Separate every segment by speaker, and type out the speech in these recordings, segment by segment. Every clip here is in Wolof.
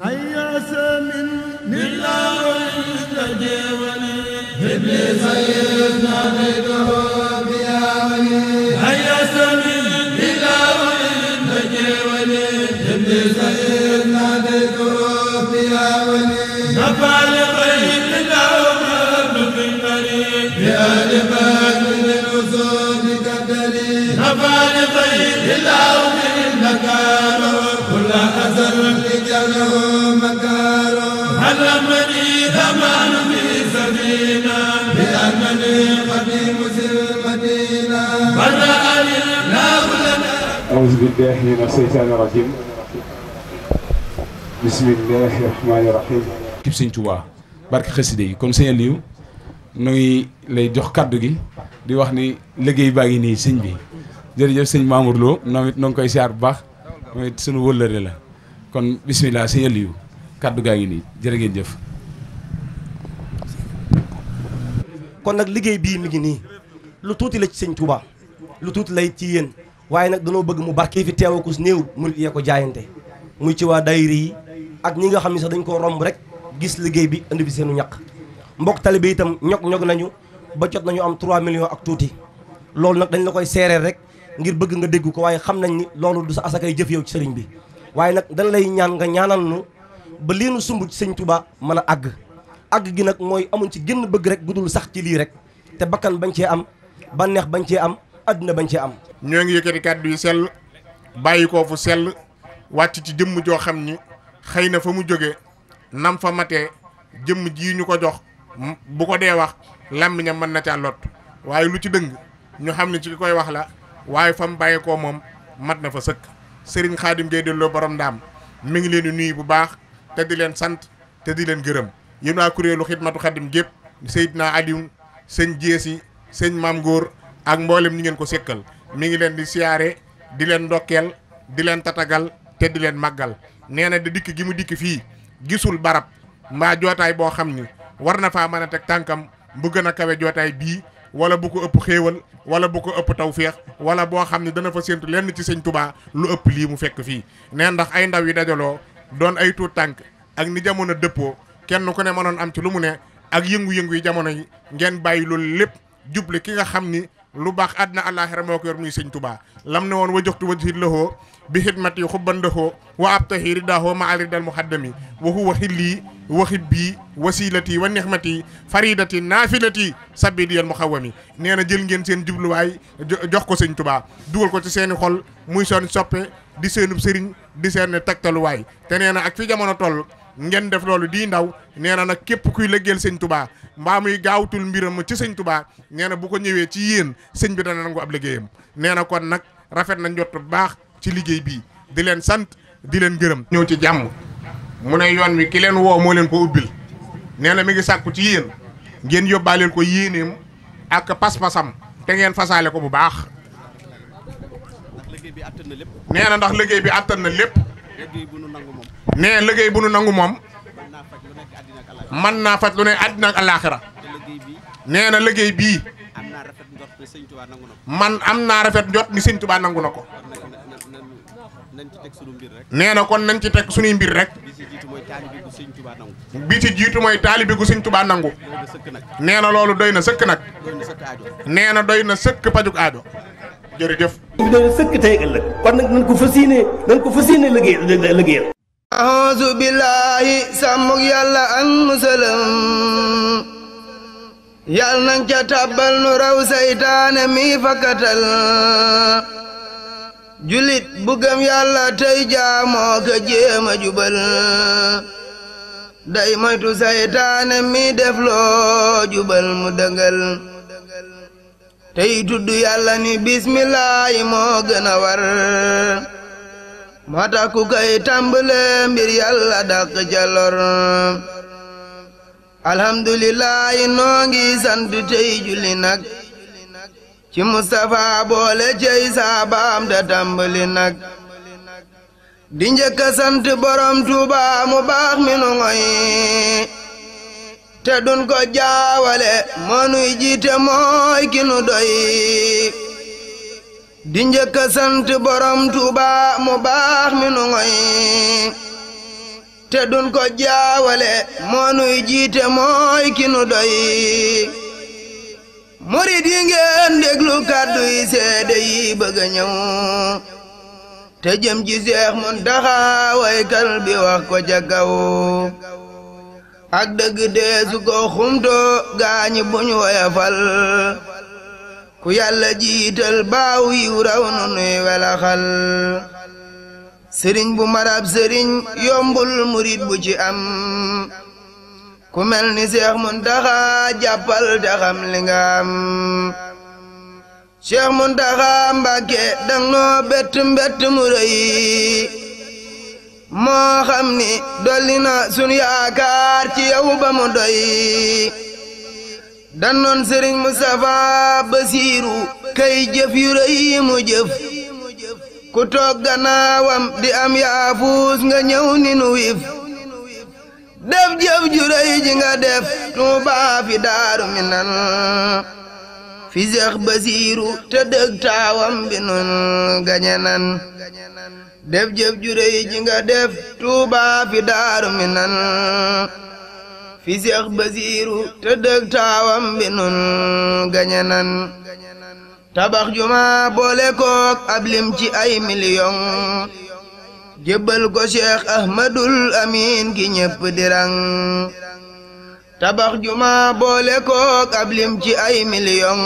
Speaker 1: هيا سمن لله وللمجيء ولي ابن سيدنا
Speaker 2: أعوذ بالله من الشيطان الرجيم
Speaker 3: بسم الله kon sëñ Aliou nu ngi lay jox kàddu gi di wax ni liggéey baa ngi nii sëñ bi jërëjëf sëñ Mamour Lo noom it noo ngi koy siyaar bu baax mooy sunu wëllëre la kon bismillah sëñ Aliou kaddu gaa ngi nii jërë ngeen jëf
Speaker 4: kon nag liggéey bii tuuti la ci sëñ Tuubaa waaye nag danoo bëgg mu barke fi teew akus néew murit yee ko jaayante muy ci waa daayira yi ak ñi nga xam ne sax dañ koo romb rek gis liggéey bi indi fi seenu ñaq mbokk talibe itam ñog-ñog nañu ba jot nañu am 3 millions ak tuuti loolu nag dañ la koy seeree rek ngir bëgg nga dégg ko waaye xam nañ ni loolu du sa asakay jëf yow ci sëriñ bi waaye nag dañ lay ñaan nga ñaanal nu ba leenu sumb ci sëñ Touba mën a àgg àgg gi nag mooy amuñ ci génn bëgg rek gudul sax ci lii rek te bakkan bañ cee am bànneex bañ cee am àdduna bañ ci am ñoo ngi yëkkati
Speaker 5: kàddu yu sell bàyyi ko fu sell wàcc ci jëmm joo xam ni xëy na fa mu jóge nam fa matee jëmm ji ñu ko jox bu ko dee wax làmmiñam mën na caa lot waaye lu ci dëng ñu xam ne ci koy wax la waaye fa mu bàyyi ko moom mat na fa sëkk sëriñ xaadim ngay delloo borom ndaam mi ngi leen di nuyu bu baax te di leen sant te di leen gërëm yéen naa kuréelu xidmatu xadim gépp Seydina Aliou sëñ Jeesi sëñ Maam Góor ak mboolem ni ngeen ko sékkal mi ngi leen di siyaare di leen ndokkeel di leen tatagal te di leen màggal nee na di dikk gi mu dikk fii gisul barab mbaa jootaay boo xam ni war na faa mën a teg tànkam bu gën a kawe jootaay bii wala bu ko ëpp xéewal wala bu ko ëpp tawféex wala boo xam ne dana fa séntu lenn ci sëñ tubaa lu ëpp lii mu fekk fii nee ndax ay ndaw yi dajaloo doon ay tuut tànk ak ni jamono dëppoo kenn ku ne mënoon am ci lu mu ne ak yëngu-yëngu jamono yi ngeen bàyyi loolu lépp juble ki nga xam ni lu baax àddina àllaaxira moo ko yor muy sëñ tubaa lam ne woon wa joxtu wa siir lahoo bi xidmat yi xubban lahoo wa ab tahiri daahoo ma aridal muhaddami wa huwa xillii wa xibbii wasilati wa nixmati faridati naafilati sabidiyal muxawami nee na jël ngeen seen jubluwaay jox ko sëñ tubaa dugal ko ci seeni xol muy seen soppe di seenub sëriñ di seen tegtaluwaay te nee na ak fi jamono toll ngeen def loolu di ndaw nee na nag képp kuy lëggeel sëñ tubaa mbaa muy gaawtul mbiram ci sëñ tubaa nee bu ko ñëwee ci yéen sëñ bi dana nangu ab liggéeyam nee na kon nag rafet na njott bu baax ci liggéey bii di leen sant di leen gërëm ñëw ci jàmm mu ne yoon wi ki leen woo moo leen ko ubbil nee na mi ngi sàkku ci yéen ngeen yóbbaaleel ko yéeneem ak pas-pasam te ngeen fasaale ko bu baax nee na ndax liggéey bi àttan na lépp
Speaker 6: liggéey bu nu moom
Speaker 5: nee liggéey bu nu nangu moom man naa faj lu ne àddina ak alaaxira nee na liggéey bii man am naa rafet njot ni sëñ Tuubaa nangu na ko
Speaker 4: nee na kon nañ ci teg suñuy mbir rek bi ci
Speaker 5: jiitu mooy taalibe gu sëñ Tuubaa nangu nee na loolu doy na sëkk nag nee na doy na sëkk pajuk aajo jërëjëf. bi na
Speaker 7: sëkk tey ëllëg kon nag nañ ko fas yéene nañ ko fas yéene liggéey أعوذ بالله سمك يلا أن مسلم يلا نك تبل نرو سيدان مي فكتل جلت بقم يلا تيجا موك جيم جبل داي ميت سيدان مي دفلو جبل مدنجل تيتد يلا ني بسم الله موك نور موك نور moo tax ku koy tàmbale mbir yàlla dàq ca lor alhamdulilahi noo sant tey julli nag ci Mustapha boole cey saabaam da tàmbali nag di njëkk a borom Tuuba baax mi nu ngoy te dun ko jaawale moo jiite mooy ki nu doy di njëkk sant borom Tuuba mu baax mi nu te dun ko jaawale moo jiite mooy ki nu doy murid yi ngeen déglu kàddu seede yi bëgg ñëw te jëm ci Seex Muntaxa waykal bi wax ko ca kaw ak dëgg deesu ko xumto gaañi buñ woyafal ku yàlla jiital baaw yiw raw na nuy welaxal sëriñ bu marab sëriñ yombul murit bu ci am ku ni seex muntaxa jàppal te xam li nga am seex muntaxa mbàkke dang noo bett mbett mu rëy moo xam ni dolli na sun ci yow mu doy danoon sëriñ Moustapha Basiiru kay jëf yu jëf ku toog di am yaafuus nga ñëw ni nu def jëf ju nga def Tuubaa fi Daaru Minan fi Seex Basiiru te bi nun gañe def jëf ju nga def Tuubaa fi Daaru Minan fi Seex Basiiru tawam taawam ganyanan nun juma bole ko ablim ci ay million jebal ko cheikh Ahmadul Amin gi ñépp di rang juma bole ko ablim ci ay million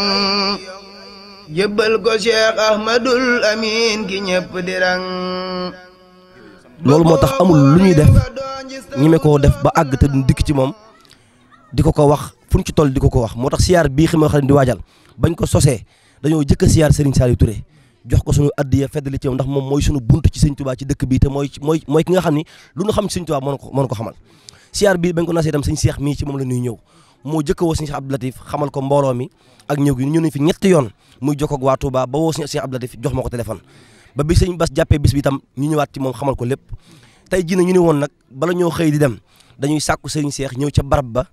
Speaker 7: jebal ko cheikh Ahmadul
Speaker 4: Amin gi ñépp di rang loolu amul lu ñuy def ñime ko def ba ag te dik ci mom diko ko wax fuñ ci toll diko ko wax motax tax bi xima xal di wadjal bañ ko sosé dañu jëk a Serigne salih Touré jox ko suñu addiya feddali ci ndax mom moy suñu buntu ci Serigne Touba ci dëkk bi té moy moy moy ki nga xamni ni lu ñu xam ci Serigne Touba moo ko moo ko xamal siyaar bi bañ ko nasé tam Serigne Cheikh mi ci mom la ñuy ñëw mo jëk wo Serigne Cheikh Abdou Latif xamal ko mbooloo mi ak ñëw gi ñu ñu fi ñett yoon muy jox ak wa Touba ba wo Serigne Cheikh Abdou Latif jox mako téléphone ba bi Serigne Bass jappé bis bi tam ñu ñëwaat ci mom xamal ko lepp tay ji na ñu ni won nak bala ñoo xey di dem dañuy sakku Serigne Cheikh ñew ci barab ba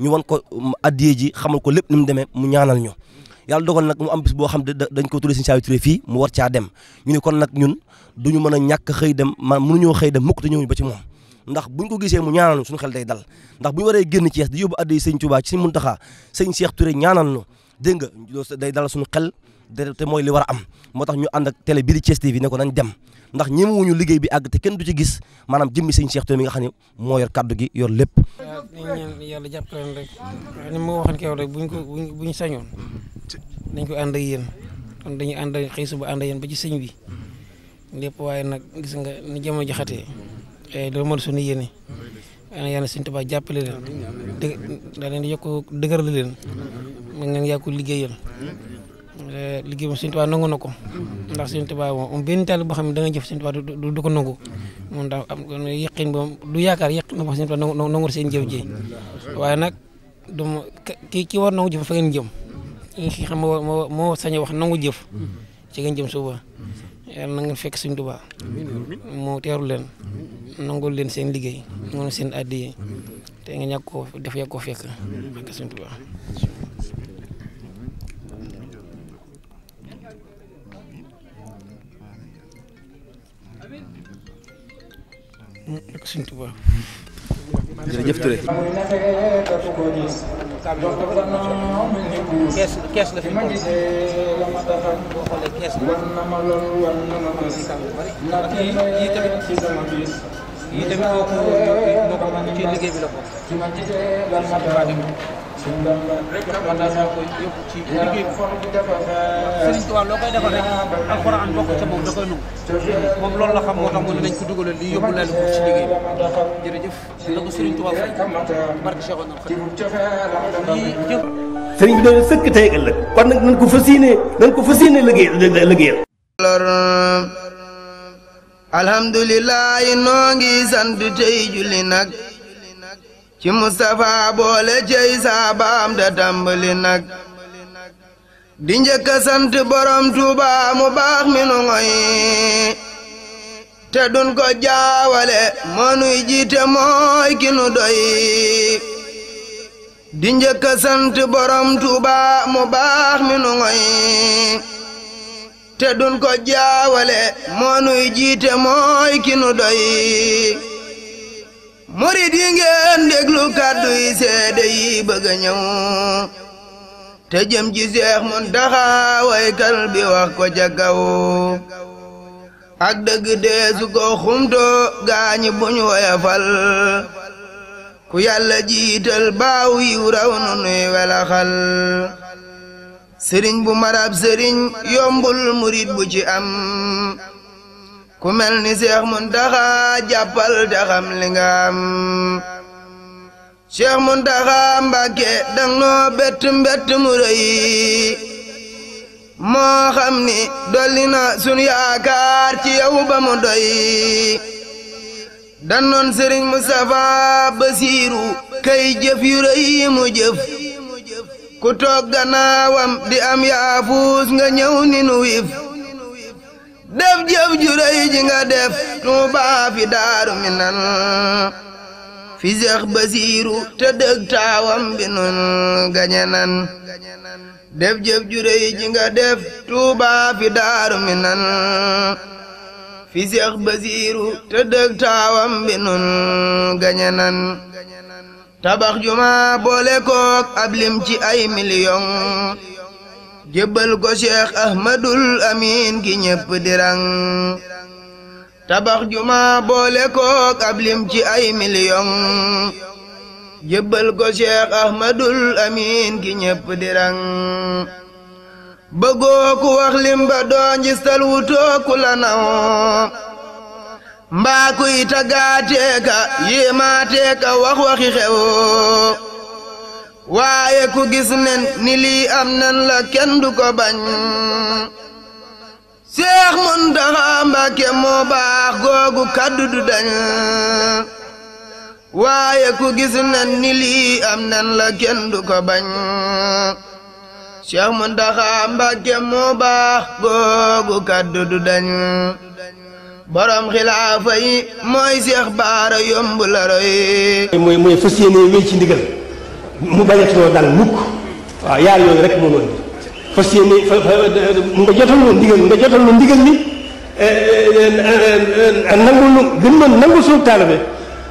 Speaker 4: ñu wan ko mm, addiyee ji xamal ko lépp ni mu demee mu ñaanal ñu yàlla dogal nag mu am bis boo xam ne dañ ko tuddee Serigne Saliou Touré fii mu war caa dem ñu kon nag ñun duñu mën a ñàkk xëy dem man mënuñoo xëy dem mukk te ñëwuñu ba ci moom ndax buñ ko gisee mu ñaanal ñu suñu xel day dal ndax buñu waree génn Cees di yóbbu addiyee Serigne Touba ci Serigne Mountakha Serigne Cheikh Touré ñaanal ñu dégg nga day dal suñu xel te mooy li war a am moo tax ñu ànd ak télé bii di Thiès ne ko nañ dem ndax ñemewuñu liggéey bi ag te kenn du ci gis manam jëmmi sëñ Cheikh Touré nga xam mo yor kaddu gi yor lepp
Speaker 8: yalla yàlla leen rek ni mo waxan kew rek buñ ko buñ sañoon dañ ko and ak yeen kon dañu and ak xëy bu and ak yéen ba ci sëñ bi lepp waye nak gis nga ni jëmo jamono jaxatee do eh, mo suñu ana yalla sëñ tuba jàppale leen da leen yokk dëgëral leen mu ngeen yakku ko liggéeyal eh, liggéey moom sëñ Tuubaa nangu na ndax Sëñ Tuubaa moom benn taal boo xam ne da nga jëf Sëñ Tuubaa du du ko nangu moom daal am yëqin ba du yaakaar yëqin ba Sëñ Tuubaa nangu seen jëf ji waaye nag du ki ki war nangu jëf fa ngeen jëm ki xam moo moo sañ wax nangu jëf ci ngeen jëm suba yàlla na ngeen fekk Sëñ Tuubaa moo teeru leen nangul leen seen liggéey moom seen addi yi te nga ñàkk ko def yàgg koo fekk fekk Sëñ Tuubaa Δεν είναι εξήγητο. είναι εξήγητο. Δεν suñu bàq rek la mën naa ko yóbbu ci liggéey bi Sëriñ Tuubaa loo koy defal rek alxuraan bokk ca moom da koy nangu moom loolu la xam moo tax mu ne nañ ko dugalal lii yóbbu leen ko ci liggéey bi jërëjëf na ko Sëriñ Tuubaa fay barke Cheikh Oumar Khattab lii jëf.
Speaker 4: sëriñ bi dañu sëkk tey ëllëg kon nag nañ ko fas yéene nañ ko fas yéene liggéey liggéeyal.
Speaker 7: alhamdulilah noo ngi sant tey julli nag. ci Mustapha boole cey saabaam da tàmbali nag di sant borom Tuuba mu baax mi nu ngoy te dun ko jaawale moonuy jiite mooy ki nu doy di njëkk borom Tuuba mu baax mi nu ngoy te dun ko jaawale moonuy jiite mooy ki nu doy murid yi ngeen déglu kàddu yi seede yi bëgg ñëw te jëm Seex Muntaxa bi wax ko ca kaw ak dëgg deesu ko xumto gaañi buñ woyafal ku yàlla jiital baaw yiw raw nu welaxal sëriñ bu marab sëriñ yombul murid bu ci am ku mel ni Cheikh muntaha jappal te xam li nga am Cheikh muntaha mbake dang no bet bet mu reuy mo xamni ni na sun yaakar ci yow ba mu doy non serigne Moustapha Basiiru kay jëf yu mu jëf ku tok ganawam di am yaafus nga ñew ni nu wif def jëf ju rëy nga def Tuubaa fi daaru minan fi Seex Basiiru te dëgg bi nun gañe def jëf ju rëy def Tuubaa fi daaru minan fi Seex Basiiru te dëgg bi nun gañe tabax jumaa boole kook ab lim ci ay miliyon jébbal ko cheikh ahmadul amin ki ñépp dirang tabax juma boole kook ab lim ci ay miliyon jébbal ko cheikh ahmadul amin ki ñépp dirang bëggoo wax lim ba doo njistal ku la naw mbaa kuy tagaateeka yéemaateeka wax waxi xew waaye ku gis nen ni lii am nan la kenn du ko bañ Seex Muntaxa Mbàkke moo baax googu kaddu du waaye ku gis nen ni lii am nan la kenn du ko bañ Seex Muntaxa Mbàkke moo baax googu kaddu du dañ borom xilaafa yi Seex Baara yomb la roy. mooy
Speaker 8: mooy fas ci ndigal.
Speaker 7: mu bañatinoo dal mukk waaw yaar
Speaker 8: yooyu rek moo noonu fas yéene fa nga jotal lu ndigal nga
Speaker 1: jotal lu ndigal li eh, eh, eh, nangul lu gën mën nangul suñu taalibe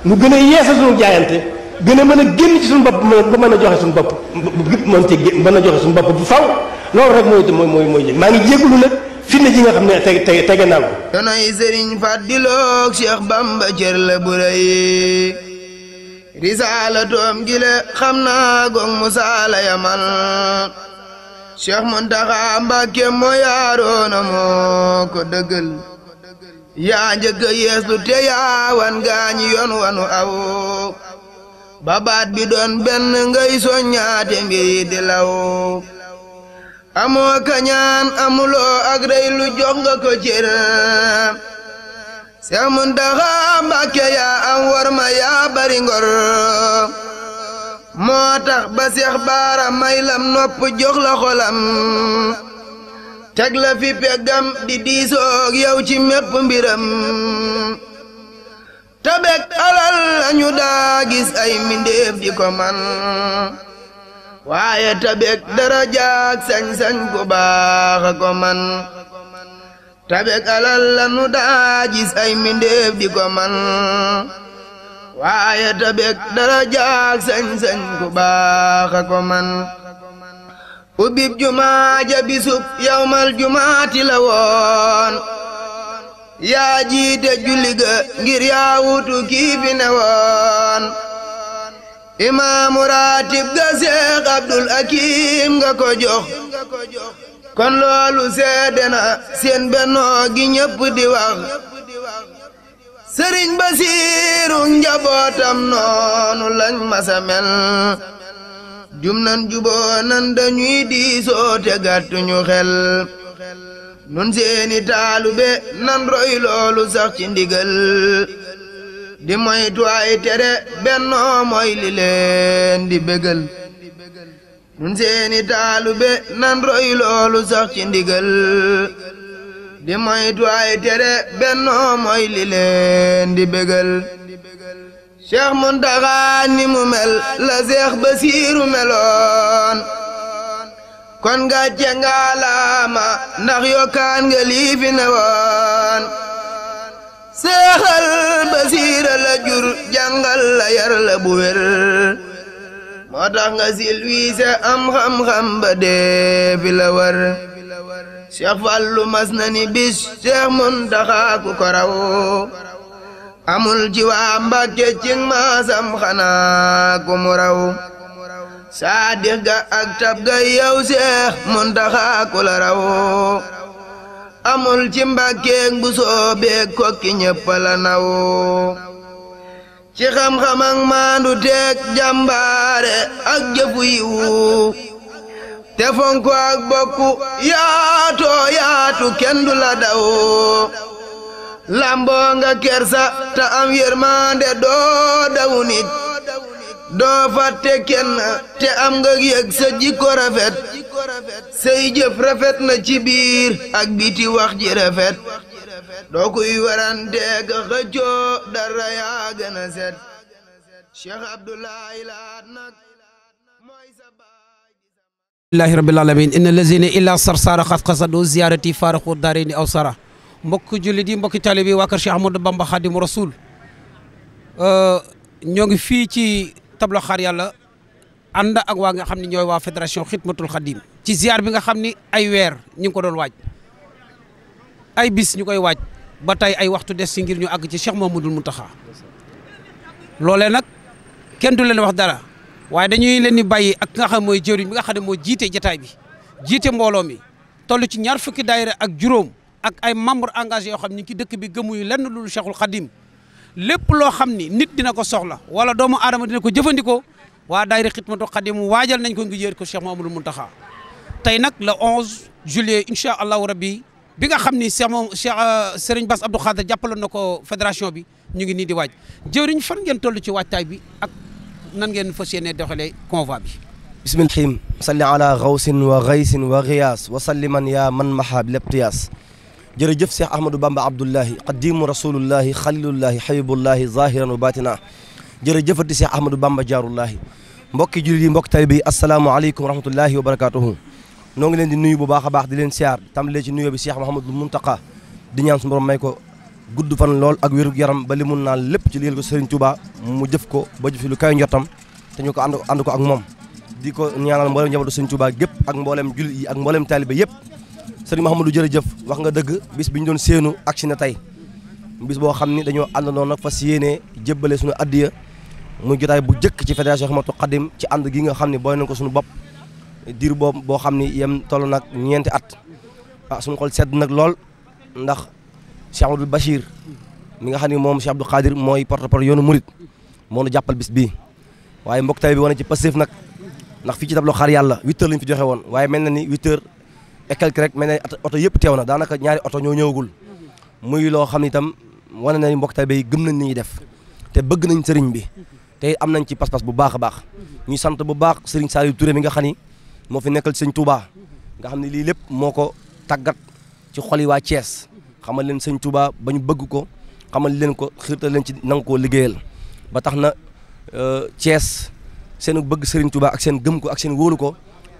Speaker 1: nu gën a yeesal
Speaker 4: suñu jaayante gën a mën a génn ci suñu bopp ba mën a joxe suñu bopp mën ci mën a joxe suñu bopp bu faw loolu rek mooy mooy mooy mooy maa ngi jégalu nag fitna ji nga xam ne teg teg tege naa ko.
Speaker 7: donoy Serigne Fadiloog Cheikh Bamba cër la bu rëy risaala doom gile xam naa gog musaala yamal cheikh muntaxa mbàkke moo yaaroona moo ko dëggal yaa njëkk a te yaawan gaañi yoon wanu aw babaat bi doon benn ngay soññaate mbir di law amoo kañaan amuloo ak rey jox nga ko cër Saya mbake ya yaa maya baringor ma yaa bari maylam moo tax jox la xolam Tagla fi pegam di diisoog yow ci mépp mbiram tabek alal lañu gis ay mbindéef di ko man tabek darajaak sañ-sañ koman. baax tabe alal lanu daji gis ay di ko man waaye ya tabek darajaak sañ-sañ ko baax ko man ubib juma ja bisub yawmal jumaati lawon ya yaa jiite ngir wutu abdul Akim nga kon loolu seedena seen bennoo gi ñëpp di wax sëriñ basiru njabootam noonu lañ masa mel jumnan juboo nan dañuy diisoote gàttu ñu xel nun seeni taalu be nan roy loolu sax ci ndigal di moytuwaay tere bennoo moy li leen di bëgal nun seeni taalube nan loolu sax ci di moytu bennoo mooy leen di bégal Cheikh Muntaxa ni la Seex Basiiru meloon kon nga jenga ndax yokkaan nga lii fi seexal Basiira la jur jàngal la yar la bu Madah tax nga am de xam bade war cheikh mas nani bis cheikh muntaxa ku ko amul jiwa waa mbàkke masam maasam xanaa ku mu Sadiq ga ak tab ga yow cheikh ku amul ci keng buso soobee kokki ñëpp ci xam-xam ak maandu teeg jàmbaare ak jëfu yiwu te fonko ak bokku yaatoo yaatu kenn du la daw nga kersa te am yërmande doo daw doo fàtte kenn te am nga yëg sa jikko rafet say jëf rafet na ci biir biti wax ji doo kuy waranteeg xëccoo dara yaa gën a set Cheikh Abdoulaye Laat nag mooy sa baay
Speaker 8: rabbil alamin inna lazina illa sarsara xat xasadu ziarati faaraxu daarini aw sara mbokk jullit yi mbokki taalibe yi waa kër Cheikh Ahmadou Bamba Xaadimu Rasuul euh, ñoo ngi fii ci tableau xaar yàlla ànd ak waa nga xam ne ñooy waa fédération xidmatul xadim ci ziar bi nga xam ne ay weer ñu ngi ko doon waaj ay bis ñu koy waaj ba tey ay waxtu des si ngir ñu àgg ci Cheikh Mamadou Mountakha loolee nag kenn du leen wax dara waaye dañuy leen di bàyyi ak nga xam mooy jëriñ bi nga xam ne moo jiite jataay bi jiite mbooloo mi toll ci ñaar fukki daayira ak juróom ak ay membre engagé yoo xam ne ñu ci dëkk bi gëmuyu lenn loolu Cheikhul xadim lépp loo xam ni nit dina ko soxla wala doomu aadama dina ko jëfandikoo waa daayira Xidmatul Khadim waajal nañ ko ngi yéer ko Cheikh Mamadou Mountakha tey nag le 11 juillet incha allahu rabbi bi nga xamni Cheikh moom Cheikh Serigne Bass Abdou Khader jàppaloon nako fédération bi ñu ngi ni di waaj jëwriñ fan ngeen tollu ci waajtaay bi ak nan ngeen fassiyene doxale convoi bi
Speaker 4: bismillahim salli ala ghaus wa ghais wa riyaas wa salli man yaa man maha leptiyaas jërëjëf Cheikh Ahmadou Bamba abdullah qadimu rasulullah khalilullah xabibullahi zahiran wa batina jërëjëfati Cheikh Ahmadou Bamba jarullah mbokki julli mbok mbokki assalamu alaykum wa rahmatullahi wa barakatuh noo ngi leen di nuyu bu baax a baax di leen siyaar tàmbalee ci nuyoo bi Cheikh Mouhamadul Mountakha di ñaan su borom may ko gudd fan lool ak wérug yaram ba li mun naa lépp ci liggéeyal ko sëriñ Touba mu jëf ko ba jëf lu kaay njottam te ñu ko ànd ànd ko ak moom di ko ñaanal mboolem njabootu Serigne Touba gépp ak mboolem jullit yi ak mboolem taalibe yëpp Serigne Mouhamadou jërëjëf wax nga dëgg bis bi ñu doon seenu ak si na tey bis boo xam ni dañoo àndandoo nag fas yéenee jébbale suñu addiya muy jotaay bu jëkk ci fédération Xamatu Xadim ci ànd gi nga xam ne booy nañ ko suñu bopp diir boobu boo xam ni yem toll nag ñeenti at ah suñu sedd nag lool ndax Cheikh Abdoul Bachir mi nga xam ne moom Cheikh Abdou Khadir mooy porte-parole yoonu murit moo nu jàppal bis bi waaye mbokk bi wane ci Pastef nag ndax fii ci tableau xaar yàlla huit lañ fi joxe woon waaye mel na ni huit heures et quelque oto yëpp teew na daanaka ñaari oto ñoo ñëwagul muy loo xam ne itam wane na ni mbokk tay bi gëm nañ ni ñuy def te bëgg nañ sëriñ bi te am nañ ci pas bu baax a baax ñuy sant bu baax sëriñ Saliou ture mi nga xam ni moo fi nekkal sëñ Touba nga xam ne lii lépp moo ko tàggat ci xol yi waa Thiès xamal leen sëñ Touba ba ñu bëgg ko xamal leen ko xiirtal ci nang koo liggéeyal ba tax na euh, Thiès seen bëgg sëriñ Touba ak seen gëm ko ak seen wóolu ko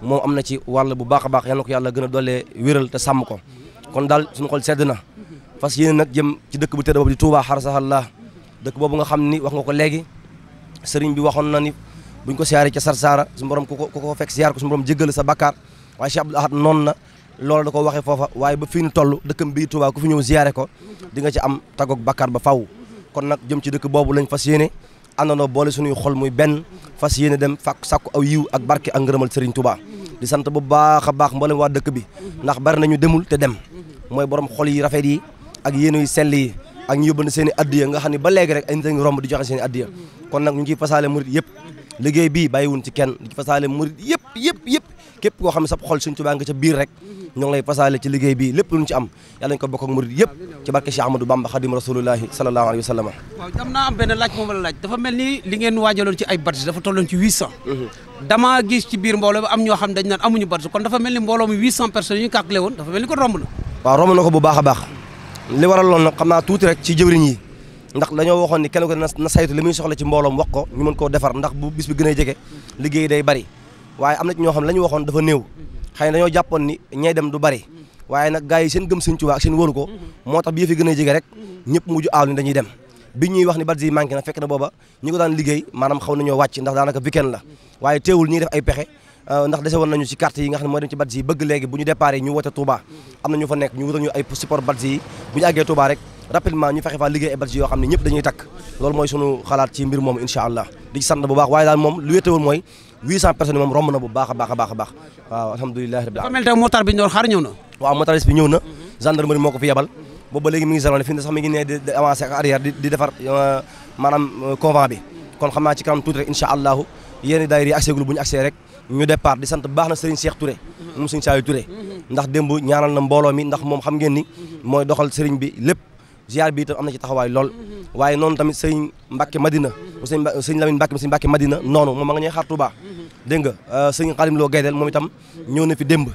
Speaker 4: moom am na ci wàll bu baax a baax yal ko yàlla gën a doolee wéral te sàmm ko kon daal suñu xol sedd na fas yéene nag jëm ci dëkk bu tedd boobu di Touba xarasahallah dëkk boobu nga xam ni wax nga ko léegi sëriñ bi waxoon na ni buñ ko siyaaree sar Sarsara sun borom ko ko fek siar ko sun borom jéggal sa bakkar way Cheikh abdou Ahad non na lolu da ko waxee fofa waaye ba fiñu tollu dekkum bi Touba ku fi ñew siyaare ko di nga ci am tagok bakkar ba faw kon nak jëm ci dekk bobu lañ fas yéene xol muy ben fas dem fak sakku aw yiw ak barké ak ngërëmal Serigne Touba di sante bu baaxa baax mbolé wa dekk bi ndax bar nañu demul te dem moy borom xol yi rafet yi ak yéen yu sel yi ak ñu yóbbante seen addu ya nga xani ba légui rek ay ñu romb di joxe seen addu ya kon nak ñu ngi fasalé mourid yépp liggéey bii bàyyiwun ci kenn di fasaale murid yëpp yëpp yëpp képp koo xam ne sab xol Sëñ Tuubaa nga biir rek ñoo ngi fasaale ci liggéey bii lépp lu ñu ci am yàlla ñu ko bokk ak murid barke Cheikh Ahmadou Bamba Xadim Rasulullahi sallallahu alayhi wa sallam
Speaker 8: waaw mel ni li ngeen waajaloon ci ay badge dafa tolloon
Speaker 4: mhm.
Speaker 8: biir mbooloo bi am ñoo xam dañ naan amuñu badge kon dafa mel ni mbooloo mi 800 personnes yi ñu calculé woon dafa mel ni ko romb na
Speaker 4: waaw romb na ko bu baax a baax li waral loon nag tuuti rek ci jëwriñ yi ndax dañoo waxoon ni kenn ko na saytu li muy soxla ci mbooloom wax ko ñu mën koo defar ndax bu bis bi gën a jege liggéey day bari waaye am na ci ñoo xam ne la ñu waxoon dafa néew xay na jàppoon ni ñay dem du bari waaye nag gars yi seen gëm seen Tuubaa ak seen wóolu ko moo tax bi yëf gën a jege rek ñëpp mujj aaw ni dañuy dem bi ñuy wax ni Badji manqué nag fekk na booba ñi ko daan liggéey maanaam xaw nañoo wàcc ndax daanaka weekend la waaye teewul ñuy def ay pexe Euh, ndax dese woon nañu ci carte yi nga xam ne mooy dem ci Badji yi bëgg léegi ñu départ ñu wote ñu fa nekk ñu wutal ñu ay support Badji yi bu ñu àggee rek rapidement ñu fexe faa liggéey ay Badji yoo xam ne ñëpp dañuy takk loolu mooy sunu xalaat ci mbir moom incha allah di ci sant baax waaye daal moom lu wétewul mooy 800 personnes moom na a a a baax waaw alhamdulilah rabbil alamin dafa mel motar bi ñu doon xaar ñëw na waaw motaris bi ñëw na gendarmerie moo ko fi yebal booba léegi mi ngi zalone fi ne sax mi ngi ne di avancé ak arrière di defar euh, maanaam euh, convent yi accès ñu départ di sant baax na Serigne Cheikh Touré moom Serigne Saliou Touré ndax démb ñaanal na mbooloo mi ndax moom xam ngeen ni mooy doxal Serigne bi lépp ziar bi itam am na ci taxawaay lool waaye noonu tamit Serigne Mbacke Madina Serigne Serigne Lamine Mbacke Serigne Mbacke Madina noonu moom ma nga ñuy xaar Touba dégg nga euh, Serigne Khadim Lo Gaydel moom itam ñëw na fi démb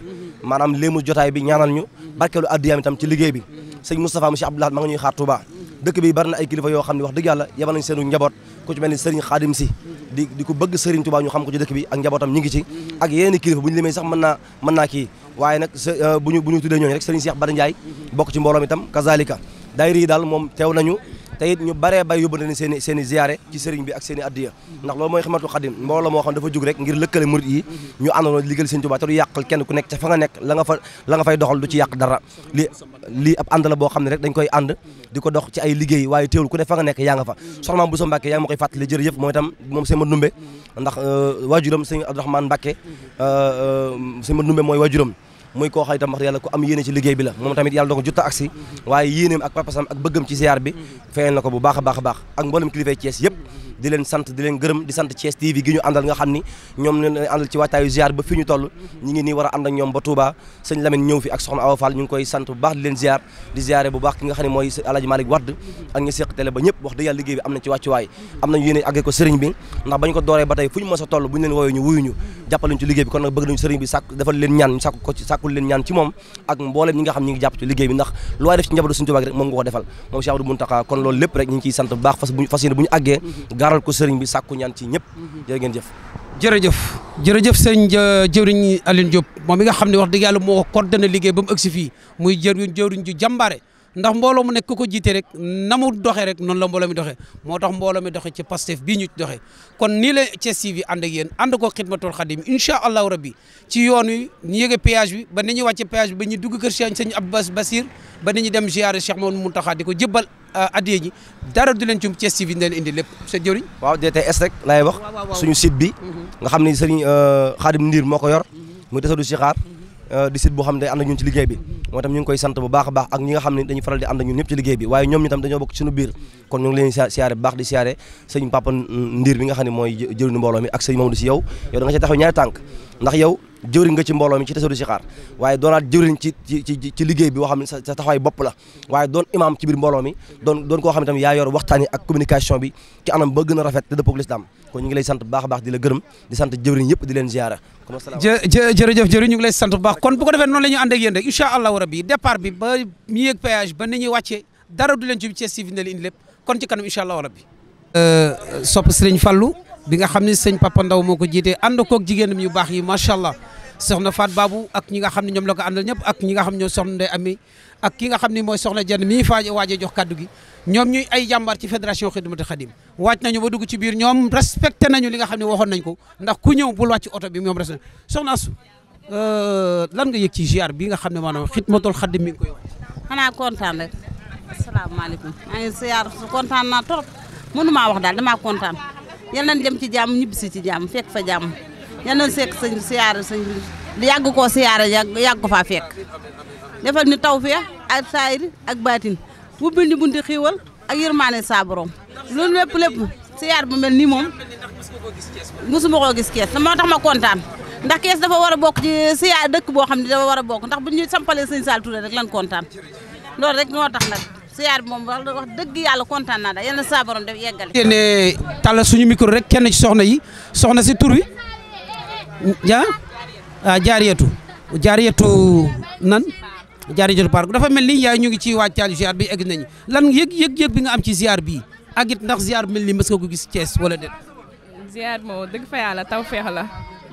Speaker 4: maanaam léemu jotaay bi ñaanal ñu barkeelu addiyaam itam ci liggéey bi Serigne Moustapha Monsieur Abdoulaye ma nga ñuy xaar Touba dëkk bi bari na ay kilifa yoo xam ne wax dëgg yàlla yebal nañ seenu njaboot ku ci mel ni Serigne Khadim si di di ko bëgg Serigne Touba ñu xam ko ci dëkk bi ak njabootam ñu ngi ci mhm. ak yeneen kilifa bu ñu sax mën naa mën naa kii waaye nag euh, bu ñu bu ñu tuddee ñooñu rek Serigne Cheikh Bara Ndiaye mhm. bokk ci mbooloom itam kazalika daayira yi daal moom teew nañu tey it ñu baree bay yóbbu nañu seen i seen i ziyaare ci sëriñ bi ak seen i addiya ndax loolu mooy xamatu xadim mbooloo moo xam dafa jug rek ngir lëkkale murit yi ñu àndandoo liggéeyal seen Tuubaa te du yàqal kenn ku nekk ca fa nga nekk la nga fa la nga fay doxal du yàq dara lii ab ànd boo xam ne dañ koy ànd di ko dox ci ay liggéey waaye teewul ku ne fa nekk yaa nga fa soxna bu sa Mbàkke yaa ngi ma koy fàttali jërëjëf mooy itam moom seen ma numbe ndax euh, waajuram sëñ Abdourahmane Mbàkke euh, euh, seen ma numbe mooy waajuram muy ko xay tam wax yàlla ku am yéene ci liggéey bi la moom tamit yàlla da ko jutta agsi waaye yéeneem ak papasam ak bëggam ci ziar bi feeñal na bu baax a baax a baax ak mboolem kilifay Thiès yëpp di len sant di len gërëm di sant Thiès TV gi ñu andal nga xamni ñom ñu andal ci wataayu ziar ba fii ñu toll ñi ngi ni wara and ak ñom ba Touba sëñ Lamine ñew fi ak soxna Awa Fall ñu koy sant bu baax di len ziar di ziaré bu baax ki nga xamni moy mooy malik Malick ak ñi seq télé ba ñepp wax de yalla liggéey bi amna ci waccu way amna ñu yene àggee ko sëriñ bi ndax bañ ko dooree batay fuñu mësa ñu buñu len toll ñu wuyu ñu wuyuñu jàppalañ ci liggéey bi kon nak bëgg nañ sëriñ bi sak defal len ñaan sak ko ci sakul len ñaan ci mom ak mbooleem ñi nga xamni ñi japp ci liggéey bi ndax lu waay def ci njabootu sëriñ touba rek mo nga ko defal moom Cheikh Abdou muntaka kon lool lepp rek ñi ci ciy sant bu baax fas fas yéene bu ñu àggee ñaanal ko sëriñ bi sàkku ñaan ci ñëpp mhm. jërë ngeen jëf jërëjëf jërëjëf sëriñ jëwriñ Alioune Diop
Speaker 8: moom mi nga xam ne wax dëgg yàlla moo coordonné liggéey ba mu ëgsi fii muy jëwriñ jëwriñ ju jàmbaare ndax mbooloo mu nekk ko jiite rek na mu doxee rek noonu la mbooloo mi doxee moo tax mbooloo mi doxee ci Pastef bii ñu doxee kon nii la Thiès TV ànd ak yéen ànd ko xidmatul xadim incha allahu rabbi ci yoon wi ñu yëge péage bi ba nañu wàcce péage bi ba ñu dugg kër Cheikh Sëñ Abdou Basir ba nañu dem ziyaare Cheikh Mamadou
Speaker 4: Mountakha di ko jébbal euh, addiya ji dara du leen ci Thiès TV ñu leen indi lépp sa jëriñ waaw DTS rek laay wax suñu site bi mhm. nga xam ne sëriñ euh, Xadim Ndiir moo ko yor mhm. muy tasadu si xaar mhm. Euh, di site boo xam ne day ànd ñun ci liggéey bi moo tam ñu ngi koy sant bu baax baax ak ñi nga xam ne dañu faral di ànd ak ñun ñëpp ci liggéey bi waaye ñoom ñi tam dañoo bokk ci suñu biir kon ñu leen siyaare baax di siyaare sëñ Papa Ndiir bi nga xam ne mooy jëriñu mbooloo mi ak sëñ Mamadou si yow yow da nga ci taxaw ñaari tànk ndax yow jëwriñ nga ci mbooloo mi ci tasadu si xaar waaye doonaat jëwriñ ci ci ne sa taxawaay bopp la waaye doon imaam ci biir mbooloo mi doon doon koo ci anam a rafet te dëppoog baax baax di la gërëm di sant jëwriñ yëpp di leen ziyaara jërëjëf jëwriñ
Speaker 8: bu baax ko defee noonu la ñu ànd ak yéen rek incha allahu rabbi départ bi ba mi yéeg ni ñuy wàccee dara du leen ci euh, bi nga xam ne sëñ Papa moo ko jiitee ànd koog jigéenam yu baax yi macha allah soxna fat Babu ak ñi nga xamni ñom la ko andal ñep ak ñi nga xamni soxna Ndey Ami ak ki nga xamni moy soxna Jenn mi faaje waaje jox kaddu gi ñom ñuy ay jambar ci federation Xidmatul khadim wacc nañu ba dugg ci biir ñom respecté nañu li nga xamni waxon nañ ko ndax ku ñew bu wacc auto bi ñom respecté soxna Asu euh, lan nga yek ci ziar bi nga xamni manam maanaam khadim mi ngi koy wax xana contane rek assalamu alaykum ay ziar contane na trop mënumaa wax dal dama contane yalla nañ dem ci jamm ñibisi ci jamm fek fa jamm yal nañu sekk sëñ siyaara sëñ bi yàgg koo siyaara yàgg yàgg ko faa fekk defal ni taw feex ak saayir ak baatin wubbil ni bunti xiiwal ak yërmaane saa borom loolu lépp lépp siyaar bu mel nii moom
Speaker 9: mosuma koo gis kees moo tax ma
Speaker 8: kontaan ndax kees dafa war a bokk ci siyaar dëkk boo xam ne dafa war a bokk ndax bu ñu sampalee sëñ Sall Touré rek lan kontaan loolu rek moo tax nag siyaar bi moom wax dëgg yàlla kontaan naa daal yal na saa borom def yeggale. yéen tàllal suñu micro rek kenn ci soxna yi soxna si tur wi. ah ah jaariyatu jaariyatu nan jaariyatu park dafa mel ni yaay ñu ngi ci waajtaalu ziar bi egg nañu lan yëg yëg yëg bi nga am ci ziar bi ak it ndax ziar mel ni mës nga ko gis wala déet.
Speaker 7: ziar moo dëgg taw feex la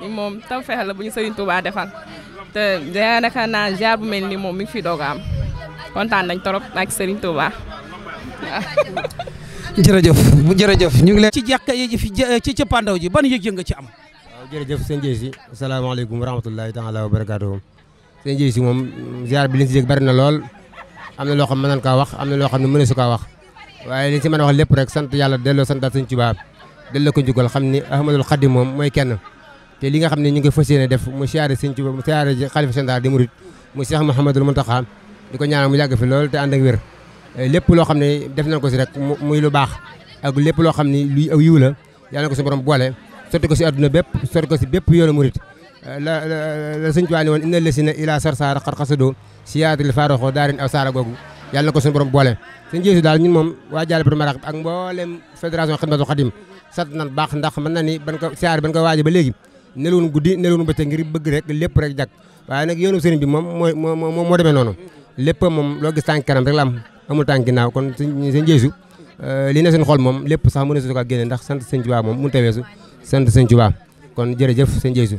Speaker 7: moom taw feex la bu ñu Serigne Touba defal te daanaka naa ziar bu mel ni moom mi ngi fi doog a am kontaan nañ trop ak sëriñ Touba waaw.
Speaker 8: jërëjëf bu jërëjëf ñu ngi leen. ci jàkka yi ci ci cëppaandaw ji ban yëg-yëg nga ci am.
Speaker 10: jërëjëf sëñ Ndiaye si asalaamaaleykum wa rahmatulahi taala wa barakaatuhu sëñ Ndiaye si moom ziar bi liñ si yëg bari na lool am na loo xam ne mën nañ kaa wax am na loo xam ne mën na su kaa wax waaye liñ si mën a wax lépp rek sant yàlla delloo sant daal sëñ Tuubaa delloo ko njugal xam ni ne Ahmadul Xadim moom mooy kenn te li nga xam ne ñu ngi fas yéene def mu siyaare sëñ Tuubaa mu siyaare xalifa général des mourides mu Cheikh Mouhamadul Mountakha di ko ñaanal mu yàgg fi lool te eh, lépp loo xam ne def nañ ko si rek muy lu baax ak lépp loo xam ne luy aw yiw la yàlla na ko si borom boole sotti ko si adduna bépp sotti ko si bépp yoonu murit la la sëñ Tuubaa ne woon inna lesina ila sar saara xar xasadoo si yaatil faaroxoo daarin aw saara googu yàlla ko suñu borom boole sëñ Jeesu daal moom waa jaale borom marax ak mboolem fédération xidmatu nan baax ndax man na ni ban ko siyaar ban ko waaje ba léegi nelawun guddi nelawun bëccëg ngir bëgg rek lépp rek jag waaye nag yoonu sëriñ bi moom mooy moom moo demee noonu lépp moom loo la am amul tànk ginnaaw kon sëñ Jeesu euh, li ne sax mën na su ko génne ndax sant sëñ moom mënut a weesu sant sëñ Tuubaa kon jërëjëf sëñ Jeysu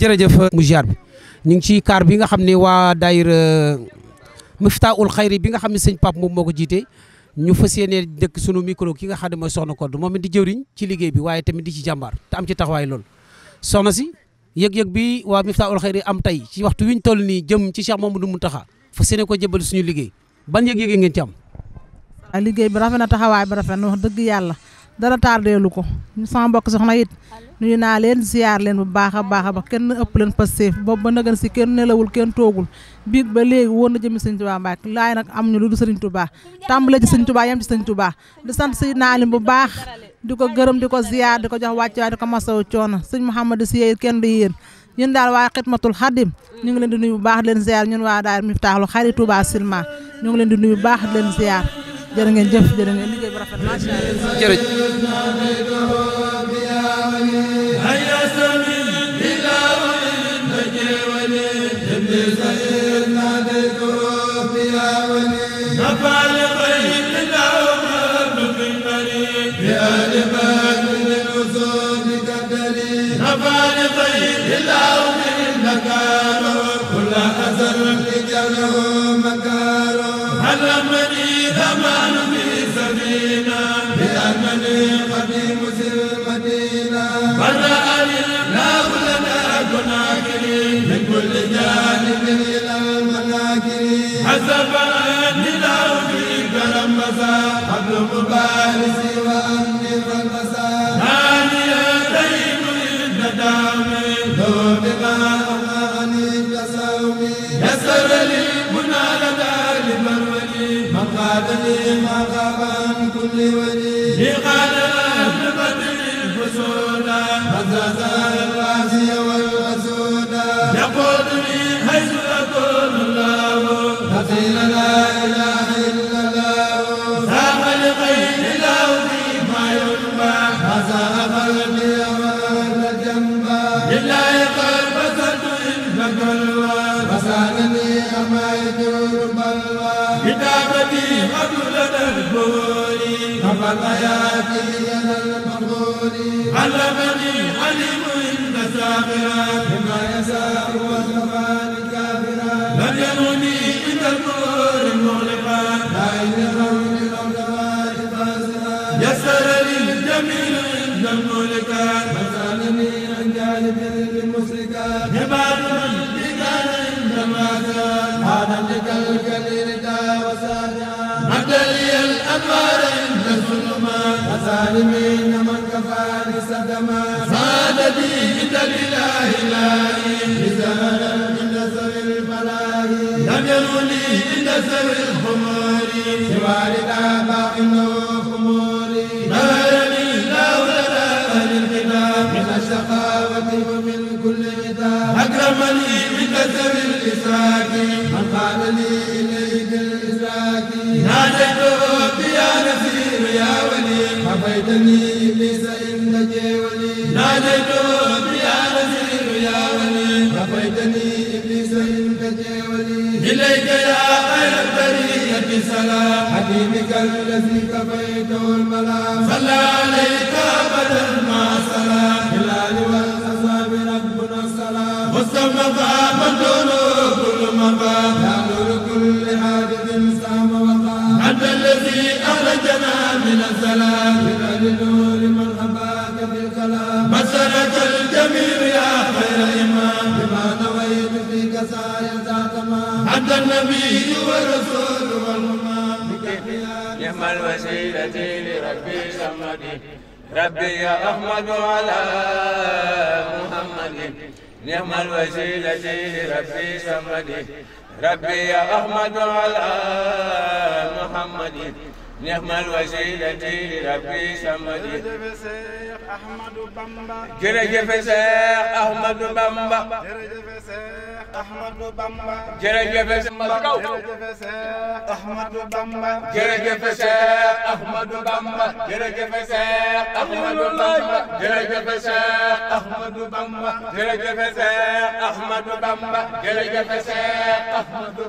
Speaker 10: jërëjëf euh, mu jaar bi ñu
Speaker 8: ngi ci kaar bi nga xam ne waa daayira euh, Miftaahul Xayri bi nga xam ne sëñ Pape moom moo ko jiite ñu fas yéene dëkk sunu micro ki nga xam ne mooy soxna Kodd moom it di jëwriñ ci liggéey bi waaye tamit di ci jàmbaar te am ci taxawaay lool soxna si yëg-yëg bi waa Miftaahul Xayri am tey ci waxtu wiñ toll nii jëm ci Cheikh Mamadou Mountakha fas yéene ko jëbal suñu liggéey ban yëg-yëg ngeen ci am
Speaker 7: ah, liggéey bi rafet na taxawaay bi rafet na dëgg yàlla dara lu ko sama mbokk soxna it nuy naa leen ziyaar leen bu baax a baax a baax kenn ëpp leen Pastef boobu ba nëgën si kenn nelawul kenn toogul biig ba léegi woon na jëmi sëñ Tuubaa Mbàkke laay nag am ñu lu du sëñ Tuubaa tàmbale ci sëñ Tuubaa yem ci sëñ Tuubaa di sant si naa leen bu baax di ko gërëm di ko ziyaar di ko jox wàcc waay di ko masawu coono sëñ Mouhamadou si yéen kenn du yéen ñun daal waa xidmatul xadim ñu ngi leen di nuyu bu baax di leen ziyaar ñun waa daal Miftaaxul Xayri Tuubaa Silma ñu ngi leen di nuyu bu baax di leen jërë ngeen jëf jërë ngeen liggéey bu rafet macha allah jërëjëf
Speaker 1: li wajhi والآيات لنا المقبول علمني علم عند سابرات
Speaker 9: بما يسار والمقال
Speaker 1: كافرا لم يروني عند النور المغلقات لا يرون الأمدوات فاسرات يسر لي الجميل عند المغلقات وسالني عن جانب المشركات عباد من بكان عند المعزات هذا لك الكثير دا وسادعا مد لي الأنوار الظالمين من كفى لسدما زاد به لله إلهي لزمنا من نزر البلاء لم ينولي من نزر الخمار سوالنا باقي الخمور ما يلي الله لنا أهل الكتاب من الشقاوة ومن كل كتاب أكرمني من نزل الإسراك من قال لي إليك الإسراك نادته عافيتني إبليس إنك ولي ناديت يا نذير يا ولي عافيتني إبليس إنك ولي إليك يا خير البرية سلام حكيمك الذي كفيته الملام صلى عليك أبدا مع السلام بالآل والأصحاب السلام مصطفى من كل مقام يا نور كل حادث سام وقام أنت الذي أخرجنا من السلام بنور من أباك في الكلام مسألة الجميع يا خير إمام بما نويت فيك سعي ذات ما عبد النبي والرسول والإمام نعم الوسيلة لربي سمدي ربي يا أحمد على محمد نعم الوسيلة لربي سمدي ربي يا أحمد على محمد نعم الوسيلة لربي سمدي jërëjëf Seex Ahmadu Bamba
Speaker 8: jërëjëf Seex Ahmadu Bamba jërëjëf Seex Ahmadu Bamba jërëjëf Seex Ahmadu Bamba jërëjëf Seex Ahmadu Bamba
Speaker 1: jërëjëf Seex Ahmadu Bamba jërëjëf Seex Ahmadu Bamba jërëjëf Seex Ahmadu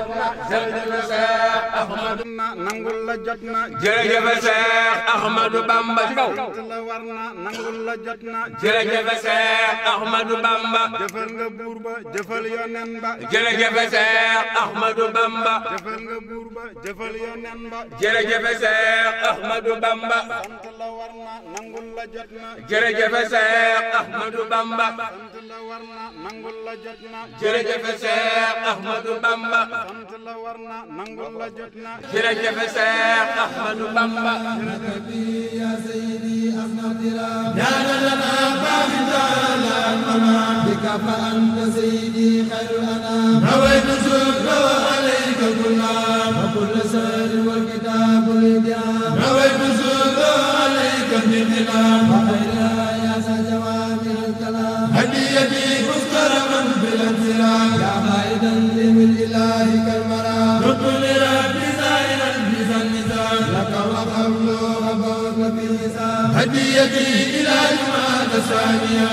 Speaker 1: Bamba
Speaker 8: Cheikh Ahmadou
Speaker 7: na nangul
Speaker 8: la jot na
Speaker 1: jërëjëf Cheikh Ahmadou
Speaker 7: Bamba ci kaw
Speaker 8: la war na nangul la jot na jërëjëf
Speaker 7: Cheikh Ahmadou Bamba
Speaker 1: jëfal nga buur ba jëfal yonen ba jërëjëf Cheikh Ahmadou Bamba jëfal nga buur ba jëfal yonen ba jërëjëf Cheikh Ahmadou Bamba sant la war na
Speaker 3: nangul la jot na jërëjëf Cheikh Ahmadou Bamba sant la war na nangul la jot na jërëjëf Cheikh Ahmadou Bamba sant la war na nangul
Speaker 1: jërëjëf Seex Ahmadu Bamba ya sayyidi asnadira ñaanalana famitala mama bika fa anta sayyidi khairul anam rawaytu shukra alayka gulam wa kullu sir wal kitab al-idam rawaytu shukra alayka min ilam wa khairu ya sa jawami al-kalam hadiyati mustaraman
Speaker 9: bil-intilam ya ma'idan lil ilahi لرب زائر الجزا النزال
Speaker 1: لك الحمد ربك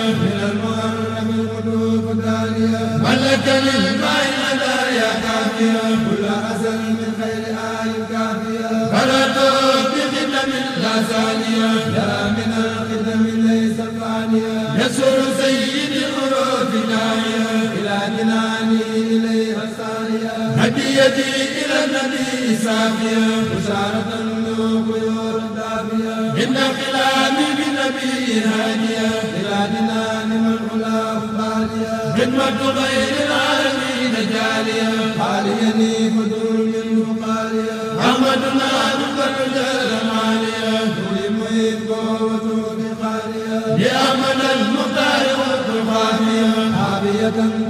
Speaker 1: من المعرف القلوب دانية ملكني الماء هدايا كافية كل أزل من خير آل كافية فلا بخدم لا زانية لا من الخدم ليس فانية يسر سيد حروف دانية إلى جناني إليها سانية هديتي النبي سافيا بشارة وخيور دافية من خلال بالنبي هادية بلادنا لمن خلاف
Speaker 9: بالية
Speaker 1: خدمة غير العالمين جالية حاليا فدور من
Speaker 9: فقالية محمدنا
Speaker 1: نقر جل مالية كل محيط قوة يا من المختار والتقافية حابية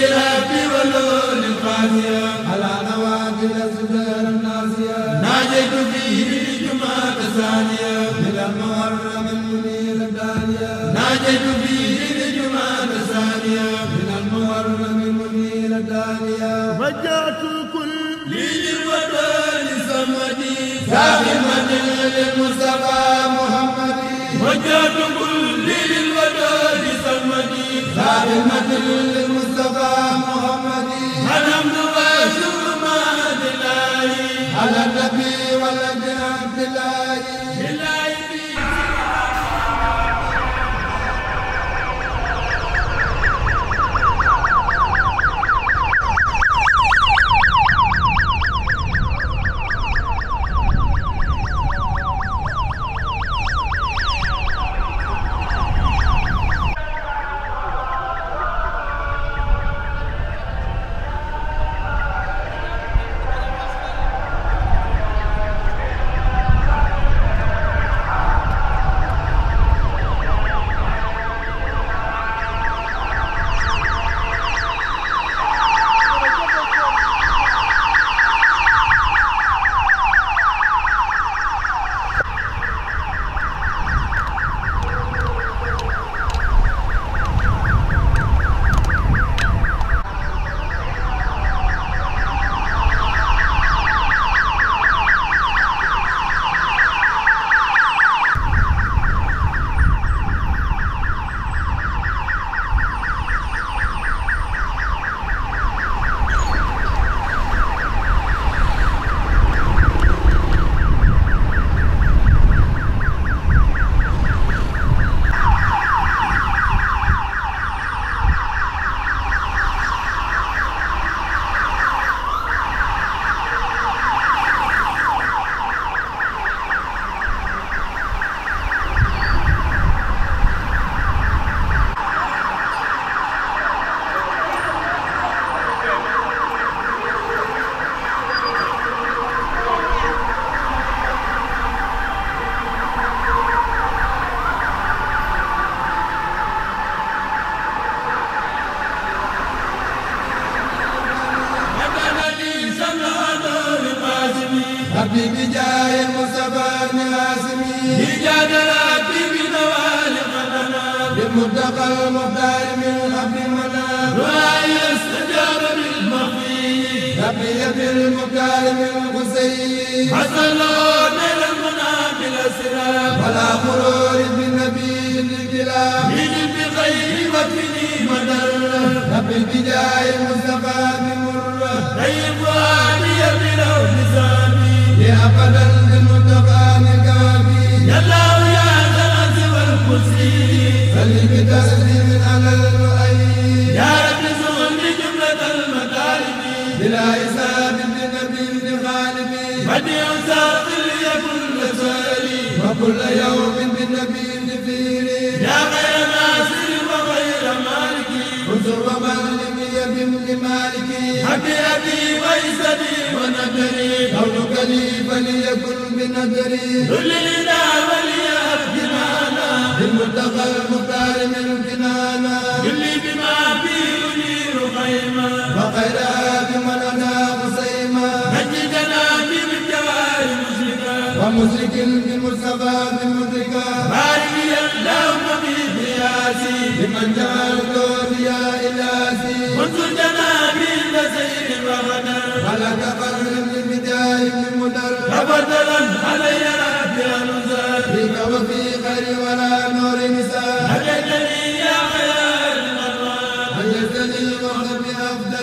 Speaker 1: بالرب ولون القاسية على نوادي الأسدار الناسية ناجيت فيه بالجمعة الثانية من المحرم المنير الدانية ناجيت فيه بالجمعة الثانية من المحرم المنير الدانية وجعت كل لجروة لسمدي ساخمة للمصطفى محمد
Speaker 4: وجعت كل
Speaker 1: للوداد سمدي ساخمة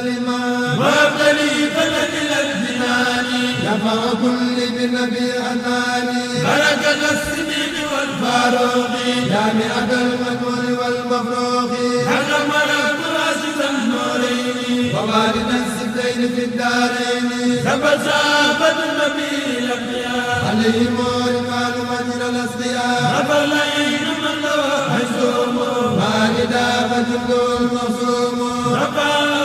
Speaker 1: سلمان ما خليفة للأجنان جمع كل بنبي أناني بركة السنين والفاروق جامعة المدور والمفروق هدم رب راشد النورين ووالد الزبدين في الدارين فبسافة النبي الأنبياء عليهم رمال مجرى الأصدياء أفلين من لوى حزهم والدا فتبدو المصوم رفع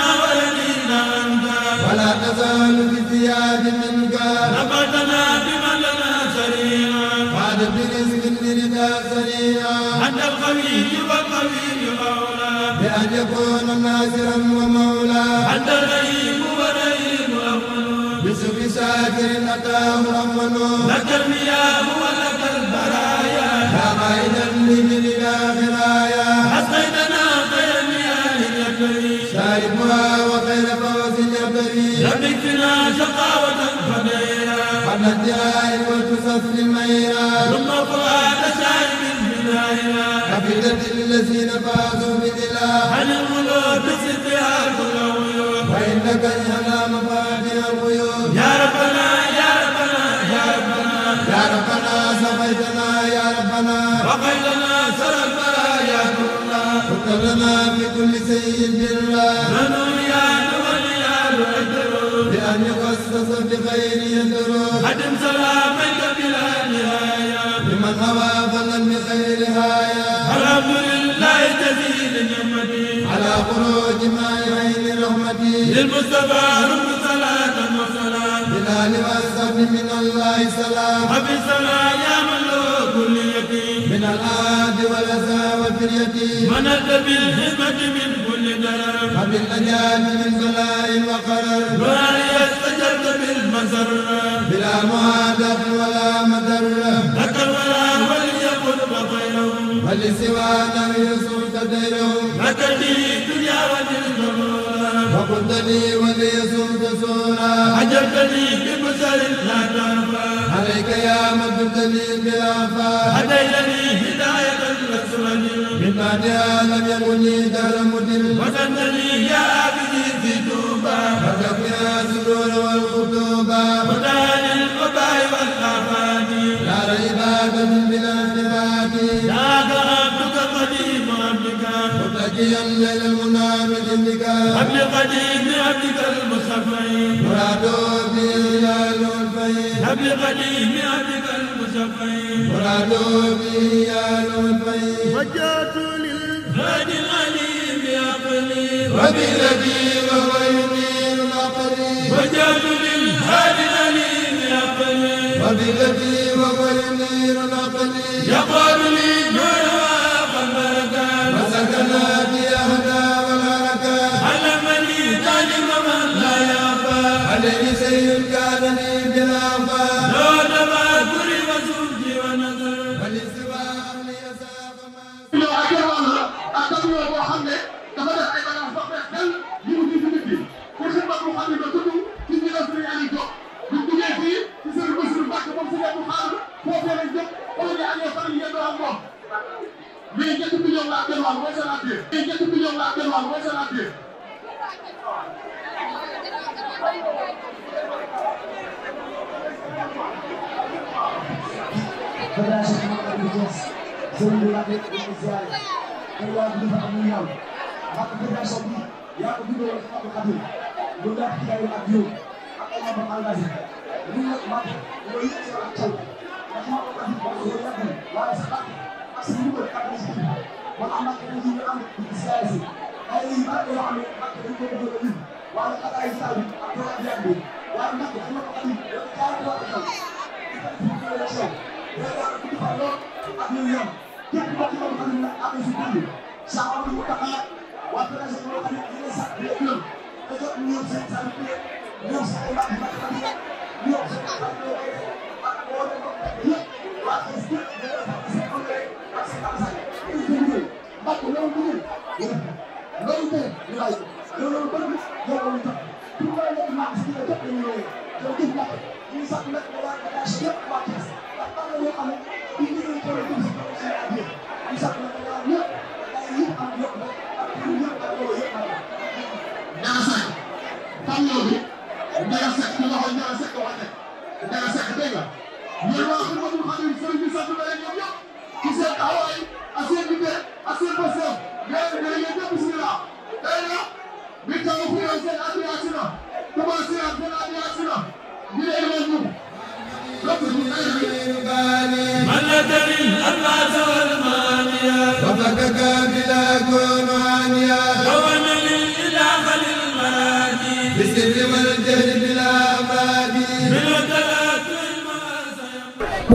Speaker 1: الزياد من قال نبتنا بملنا سريعا قال برزق لرضا سريعا عند القوي والقوي أولى بأن يكون ناصرا ومولى عند الرهيب ورهيب أول بسوء شاكر أتاه أمل لك المياه وإنك يا ربنا يا ربنا يا ربنا يا ربنا سميتنا يا ربنا وقيلنا سربنا يا ربنا وكرنا في كل شيء بالله يا نور يا نور بأن يخصص بخير يدر هدم سلامك بلا نهاية لمن هوى فلن بخير هاية الحمد لله تزيد خروج ما يعين رحمتي للمصطفى رب صلاة وسلام بالآل والصحب من الله سلام حبي السلام يا ملوك اليتيم من الآد والأسى والفريتي منلت بالهمة من كل درر حبي الأجاد من صلاة وقرر وعلي استجرت بالمسر بلا معادة ولا مدر لك الولا واليد هل سوانا يسوع تدعو لك لي الدنيا والجنون وقلت لي وليسوع تسورا عجبتني بمسر لا تعرفا عليك يا من لي بلافا هديتني هداية الرسول من بعدها لم يكن لي دار مدل وسندني يا عبدي في توبة وكفي شفيا للمنى قديم عبدك المصطفى يا لطفي قبل قديم عبدك يا لطفي وجهت للفاد الغليم يا قليل وبالذي وهو ينير العقلي وجهت للفاد الغليم يا قليل وبالذي
Speaker 9: you.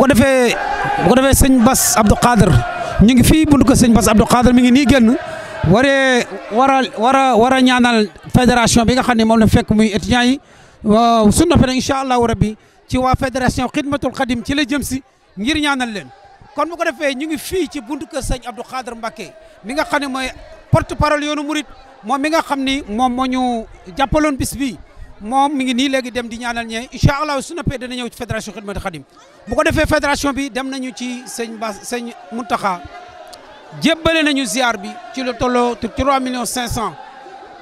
Speaker 8: ko defee bu ko defee sëñ Bass Abdou ñu ngi fii buntu ko sëñ Bass Abdou mi ngi nii génn waree war a war a war a ñaanal fédération bi nga xam ne moom la fekk muy étudiants yi su noppee nag incha allahu rabbi ci waa fédération xidmatul xadim ci la jëm si ngir ñaanal leen kon bu ko defee ñu ngi fii ci buntu kër sëñ Abdou Khader mi nga xam ne mooy porte parole yoonu murit moom mi nga xam ni moom moo ñu jàppaloon bis bii moom mu ngi nii léegi dem di ñaanal ñee incha allah su noppee dana ñëw ci fédération xidmati xadim bu ko defee fédération bi dem nañu ci sëñ Bass sëñ Mountakha jébbale nañu ziar bi ci lu tolloo 3 millions 500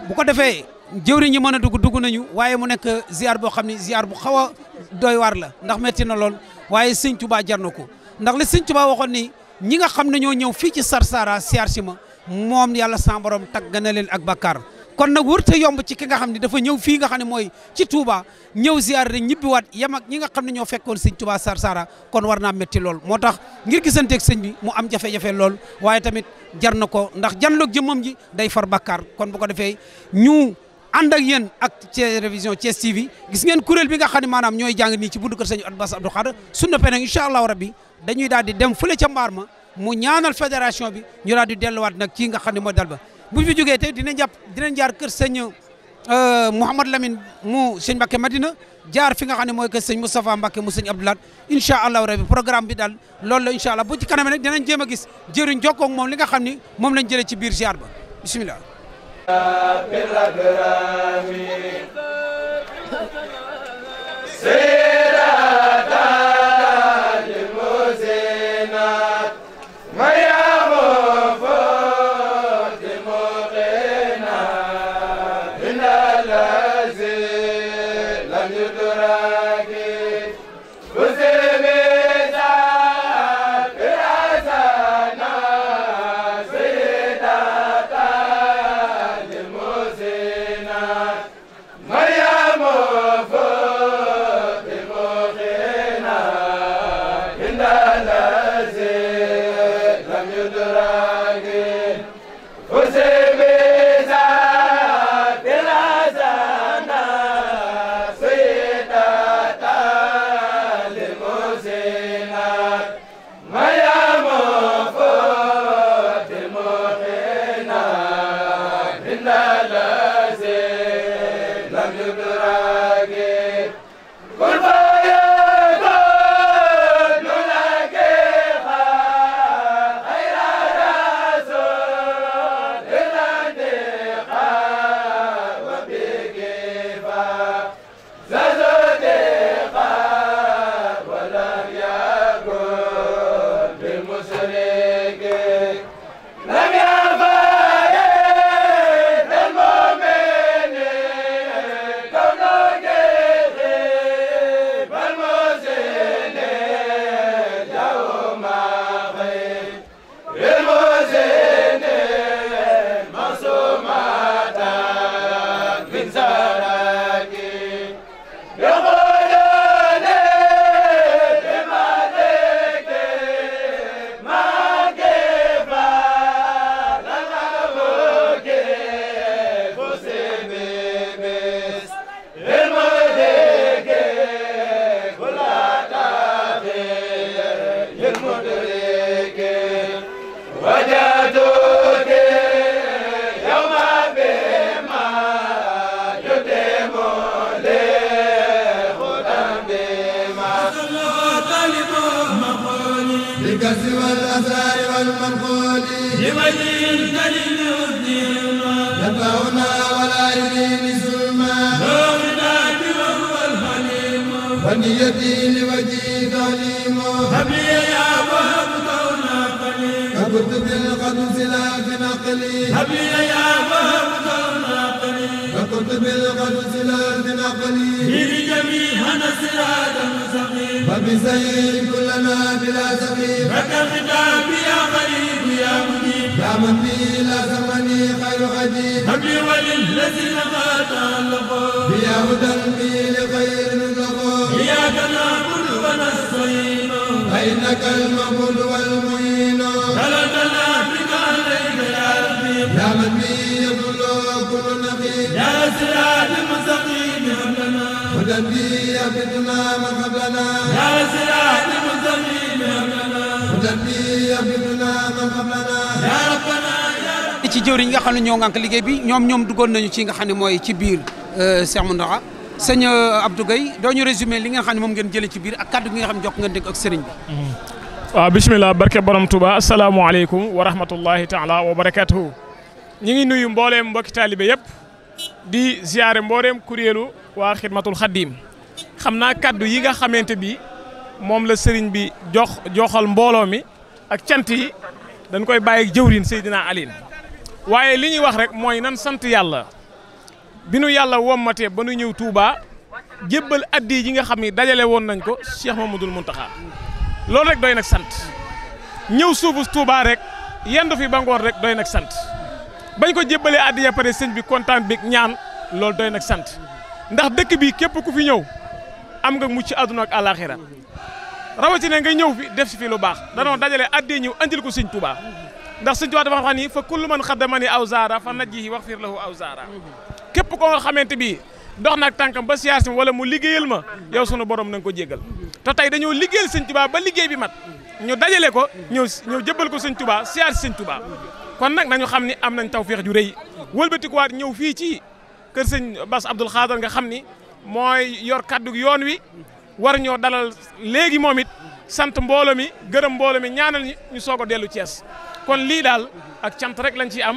Speaker 8: bu ko defee jëwri ñi mën a dugg dugg nañu waaye mu nekk ziar boo xam ne ziar bu xaw a doy waar la ndax metti na lool waaye sëñ Touba jar ko ndax li sëñ Touba waxoon ni ñi nga xam ne ñoo ñëw fii ci Sarsara ziar si ma moom yàlla sa borom tagg na leen ak bakkaar kon nag wër te yomb ci ki nga xam ne dafa ñëw fii nga xam ne mooy ci Touba ñëw ziar rek ñibbiwaat yem ak ñi nga xam ne ñoo fekkoon sëñ Touba sar sara kon war naa métti lool moo tax ngir gisanteeg sëñ bi mu am jafe-jafe lool waaye tamit jar na ko ndax janloog jëmmam ji day far bakkaar kon bu ko defee ñu ànd ak yéen ak télévision Thiès TV gis ngeen kuréel bi nga xam ne maanaam ñooy jàng nii ci buddu kër sëñ Abbas Abdou Khadre su noppee nag allahu rabbi dañuy daa di dem fële ca ma mu ñaanal fédération bi ñu daal delluwaat nag kii nga xam ne mooy dal ba bu fi jógee tey dinañ jàpp dinañ jaar kër sëñ euh, Mouhamad Lamine mu sëñ Mbacke Madina jaar fi nga xam ne mooy kër sëñ Moustapha mbake mu sëñ Abdoulaye incha allahu rabi programme bi daal loolu la incha allah bu ci kanam nag dinañ jéem gis jëriñ jokkoo ak moom li nga xam ni moom lañ jëlee ci biir ziar ba bisimilah. ñoo ngànk liggéey bi ñoom ñoom dugoon nañu ci nga xam ne mooy ci biir euh, Cheikh Mountakha sëñ euh, Abdou Gueye doo ñu résumé li nga xam ne moom ngeen jëlee ci biir ak kàddu gi xam ne jox ngeen dégg ak sëriñ bi.
Speaker 2: Mm-hmm. waaw bisimilah barke borom Touba asalaamualeykum wa rahmatullahi taala wa barakatuhu ñu ngi nuyu mbooleem mbokki taalibe yëpp di ziare mbooleem kuréelu waa xidmatul xaddiim xam naa kàddu yi nga xamante bi moom la sëriñ bi jox joxal mbooloo mi ak cant yi dañ koy bàyyi jëwriñ Seydina Aline waaye li ñuy wax rek mooy nan sant yàlla bi nu yàlla wommatee ba nu ñëw Touba jébbal addi yi nga xam ni dajale woon nañ ko Cheikh Mamadou Mountakha loolu rek doy nag sant ñëw suufu Touba rek yendu fi ba ngoon rek doy nag sant bañ ko jébbalee addi ya pare bi kontaan bi ñaan loolu doy nag sant ndax dëkk bi képp ku fi ñëw am nga mucc àdduna ak àllaaxira rawatina nga ñëw fi def si fi lu baax danoo dajale addi ñëw andil ko sëñ ndax suñu tubaab dafa xam ni fa kullu man xaddamani aw zaara fa najjihi wax fir lahu aw zaara képp ko nga xamante bi dox naag tànkam ba siyaar si wala mu liggéeyal ma yow sunu borom na ko jéggal te tey dañoo liggéeyal sëñ tubaa ba liggéey bi mat ñu dajale ko ñëw ñëw jëbbal ko sëñ tubaa siyaar si sëñ kon nag nañu xam ni am nañ tawféex ju rëy wëlbatikuwaat ñëw fii ci kër sëñ Bass Abdoul Khadr nga xam ni mooy yor kaddu yoon wi war ñoo dalal léegi moom it sant mboolo mi gërëm mboolo mi ñaanal ñu soog a dellu Thiès kon lii daal ak cant rek lañ ciy am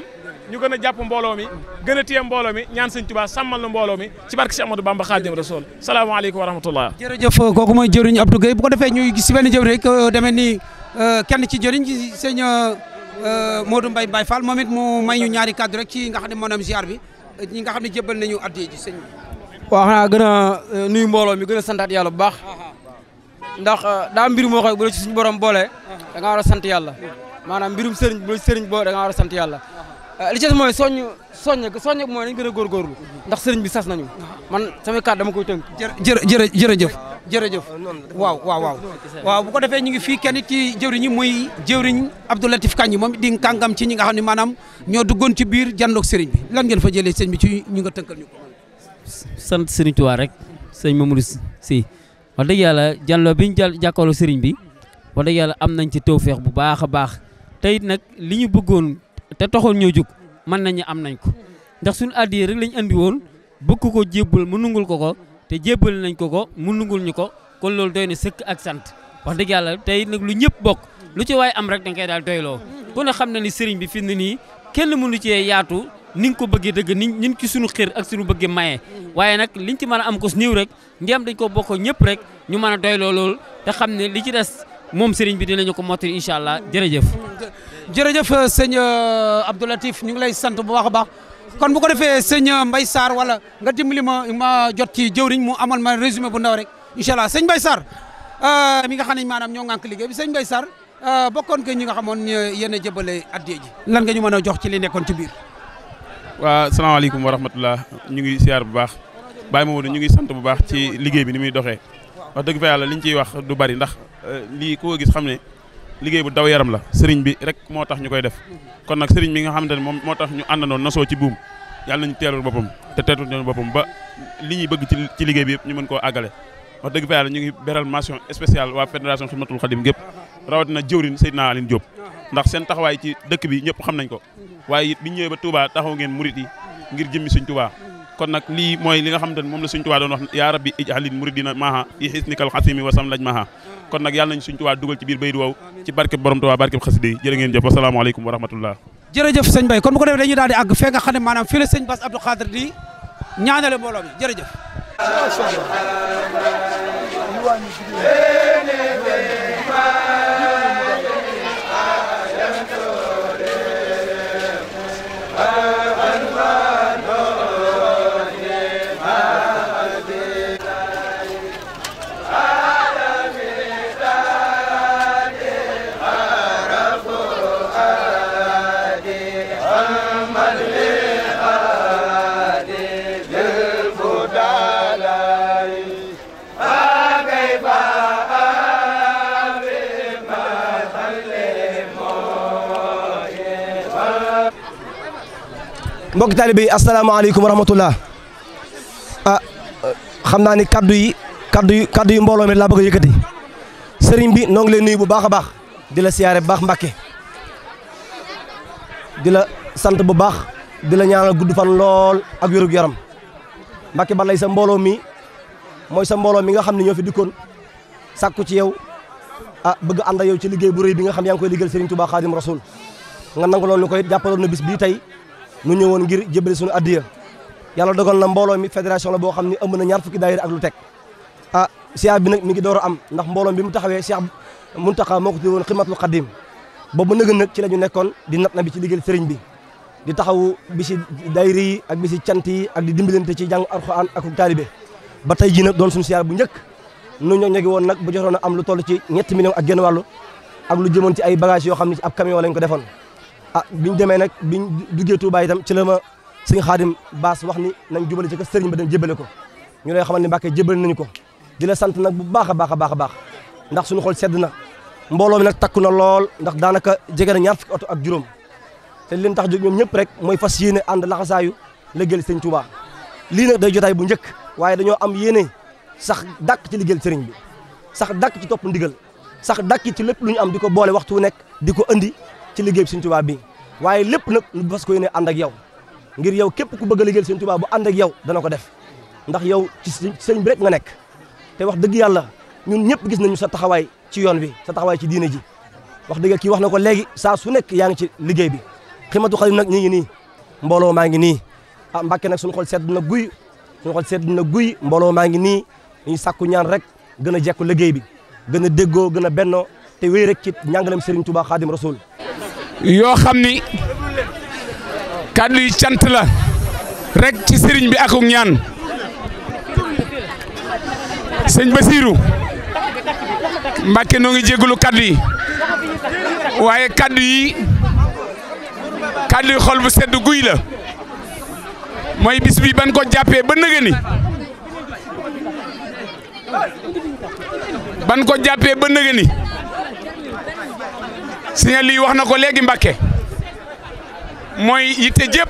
Speaker 2: ñu gën a jàpp mbooloo mi gën a téye mbooloo mi ñaan sëñ Tuubaa sàmmal na mbooloo mi ci barke si Amadou Bamba Xaadim Rasuul salaamaaleykum wa rahmatullah
Speaker 8: jërëjëf kooku mooy jëriñ Abdou Gueye bu ko defee ñuy si benn jëw rek euh, demee ni euh, kenn ci jëriñ ci sëñ euh, moodu mbay Mbaye Fall moom it mu may ñu ñaari kàddu rek ci nga xam ne moo am ziar bi ñi nga xam ne jëbbal nañu addiya ji sëñ waaw xanaa gën a nuyu mbooloo mi gën a santaat yàlla bu baax ndax daa mbir moo xam bu sant yàlla manam mbirum serigne bu serigne bo da nga wara sant yalla eh, li ci moy soñu soññ ko soññ moy ni gëna gor gorlu ndax serigne bi sass nañu man sama kàddu dama koy teunk jere jere jërëjëf jere jërëjëf ah, waaw waaw waaw waaw bu ko defé ñu ngi fi kenn ci jëwriñ yi muy jëwriñ Abdou Latif Kandji mom di kangam ci ñi nga xamni manam ño duggon ci biir jandok serigne bi lan ngeen fa jëlé serigne bi ci ñu nga teunkal ñu ko sant serigne Tuubaa rek serigne Mamadou si wax dëgg yalla jallo biñu ñu jàkkaarloo sëriñ bi wax dëgg yalla am nañ ci tawfiq bu baaxa baax te it nag li ñu bëggoon te taxoon ñoo jóg mën nañu am nañ ko ndax suñu addiye rek lañ andi woon bëgg ko jébbal mu nungul ko ko te jébbal nañ ko ko mu nungul ñu ko kon loolu doy na sëkk ak sant wax dëgg yàlla te nag lu ñëpp bokk lu ci waaye am rek da koy daal doyloo ku ne xam na ni sëriñ bi fi mu ne nii kenn mënu cee yaatu ni nga ko bëggee dëgg ni ñu ci suñu xir ak suñu bëggee maye waaye nag liñ ci mën a am ko néew rek ndiyam dañ ko bokk ñëpp rek ñu mën a doyloo loolu te des mom serigne bi dinañu ko mottali inshallah allah jerejeuf jërëjëf euh, Abdou Latif ñu ngi lay sante bu baax baax kon bu ko defé sëñ euh, mbay sar wala nga dimbali ma ma jot ci jeuwriñ mu amal ma résumé bu ndaw rek inshallah allah mbay sar euh mi nga xane manam maanaam ñoo ŋànk liggéey bi mbay sar euh bokkon ke ñi nga xamone yene a jëbale ji lan nga ñu mëna jox ci li
Speaker 2: nekkon ci biir. assalamu alaykum wa rahmatullah ñu ngi siyaar bu baax Baye wone ñu ngi sante bu baax ci liggéey bi ni muy doxé wax dëgg fa li ñu ciy wax du bari ndax euh, lii koo gis xam ne liggéey bu daw yaram la sëriñ bi rek moo tax ñu koy def kon nag sëriñ bi nga xamante ne moom moo tax ñu àndandoon nasoo ci buum yàlla nañu teelul boppam te teelul ñoom boppam ba li ñuy bëgg ci ci liggéey bi yëpp ñu mën koo àggale wax dëgg fa la ñu ngi beral mention spéciale waa fédération Xidmatul Xadim gépp rawatina jëwrin naa Aline Diop ndax seen taxawaay ci dëkk bi ñëpp xam nañ ko waaye it ñëwee ba Touba taxaw ngeen murit yi ngir jëmmi suñ Touba kon nag lii mooy li nga xam te ne moom la suñ tubaa doon wax yaa rabbi ijalin muridina maha yi xis nikal xasimi wasam laj maha kon nag yàlla nañ suñ tubaa dugal ci biir bayit woow ci barkeb borom tubaa barkeb xasida yi jërë ngeen jëf wa rahmatullah jërëjëf sëñ Bay
Speaker 8: kon la sëñ Bass Abdou
Speaker 4: mbokki taalibe yi asalaamaaleykum wa rahmatullah ah, xam naa ni kaddu yi kaddu yi kaddu yi mbooloo mi laa bëgg a yëkkati sëriñ bi noo ngi leen nuyu bu baax a baax di la siyaare bu baax Mbàkke di la sant bu baax di la ñaanal gudd fan lool ak wérug yaram Mbàkke ba lay sa mbooloo mi mooy sa mbooloo mi nga xam ne ñoo fi dikkoon sàkku ci yow ah, a bëgg ànd ak yow ci liggéey bu rëy bi nga xam yaa ngi koy liggéeyal sëriñ Tuubaa Xaadim Rasuul nga nangu loolu ñu koy jàppaloon na bis bii tey nu ñëwoon ngir jébale suñu addiya yàlla dogal na mbooloo mi fédération la boo xam ne ëmb na ñaar fukki daayira ak lu teg a ah, siyaar bi nag mi ngi door am ndax mbooloom bi mu taxawee Cheikh Mountakha moo ko tudde woon xidmatul xadim boobu nëgg nag ci la ñu nekkoon di nat na bi ci liggéey sëriñ bi di taxaw bi si daayira yi ak bi si cant yi ak di dimbalante ci jàng alxuraan ak taalibe ba tey jii nag doon suñu siyaar bu njëkk nu ñoo ñegi woon nag bu jotoon am lu toll ci ñetti millions ak genn wàllu ak lu jëmoon ci ay bagages yoo xam ne ci ab camion lañ ko defoon ah biñ demee nag biñ duggee Touba itam ci la ma sëñ Xaadim Baas wax ni nañ jubale ci kër sëriñ ba dem jébale ko ñu lay xamal ni Mbàkke jébale nañu ko di la sant nag bu baax a baax a baax a baax ndax sunu xol sedd na mbooloo mi nag takku na lool ndax daanaka jege na ñaar fukki oto ak juróom te leen tax jóg ñoom ñëpp rek mooy fas yéene ànd laxasaayu liggéeyal sëñ Touba lii nag day jotaay bu njëkk waaye dañoo am yéene sax dàkk ci la liggéeyal sëriñ bi sax dàkk ci topp d sax dàkk ci lépp lu ñu am di ko boole waxtu wu nekk di ko andi ci liggéey bi Sëñ Tuubaa bi waaye lépp nag lu bas ko yéene ànd ak yow ngir yow képp ku bëgg a liggéeyal Sëñ Tuubaa bu ànd ak yow dana ko def ndax yow ci sëñ bi rek nga nekk te wax dëgg yàlla ñun ñëpp gis nañu sa taxawaay ci yoon bi sa taxawaay ci diine ji wax dëgg kii wax na ko léegi saa su nekk yaa ngi ci liggéey bi ximatu xadim nag ñi ngi nii mbooloo maa ngi nii ah Mbàkke nag suñu xol sedd na guy suñu xol sedd na guy mbooloo maa ngi nii dañuy sàkku ñaan rek gën a jekku liggéey bi gën a déggoo gën a bennoo te wéy rek ci njàngaleem Serigne Touba Khadim Rasoul. yoo xam ni
Speaker 3: kàddu yi cant
Speaker 4: la rek ci Serigne bi akuk ñaan
Speaker 9: sëñ Basirou Mbacke noo ngi jégalu kàddu waaye
Speaker 3: kàddu yi kàddu xol bu sedd guy la mooy bis bi ban ko jàppee ba nëgë ban koo jàppee ba nëgë sëñ lii wax na ko léegi Mbàkke mooy yitte jépp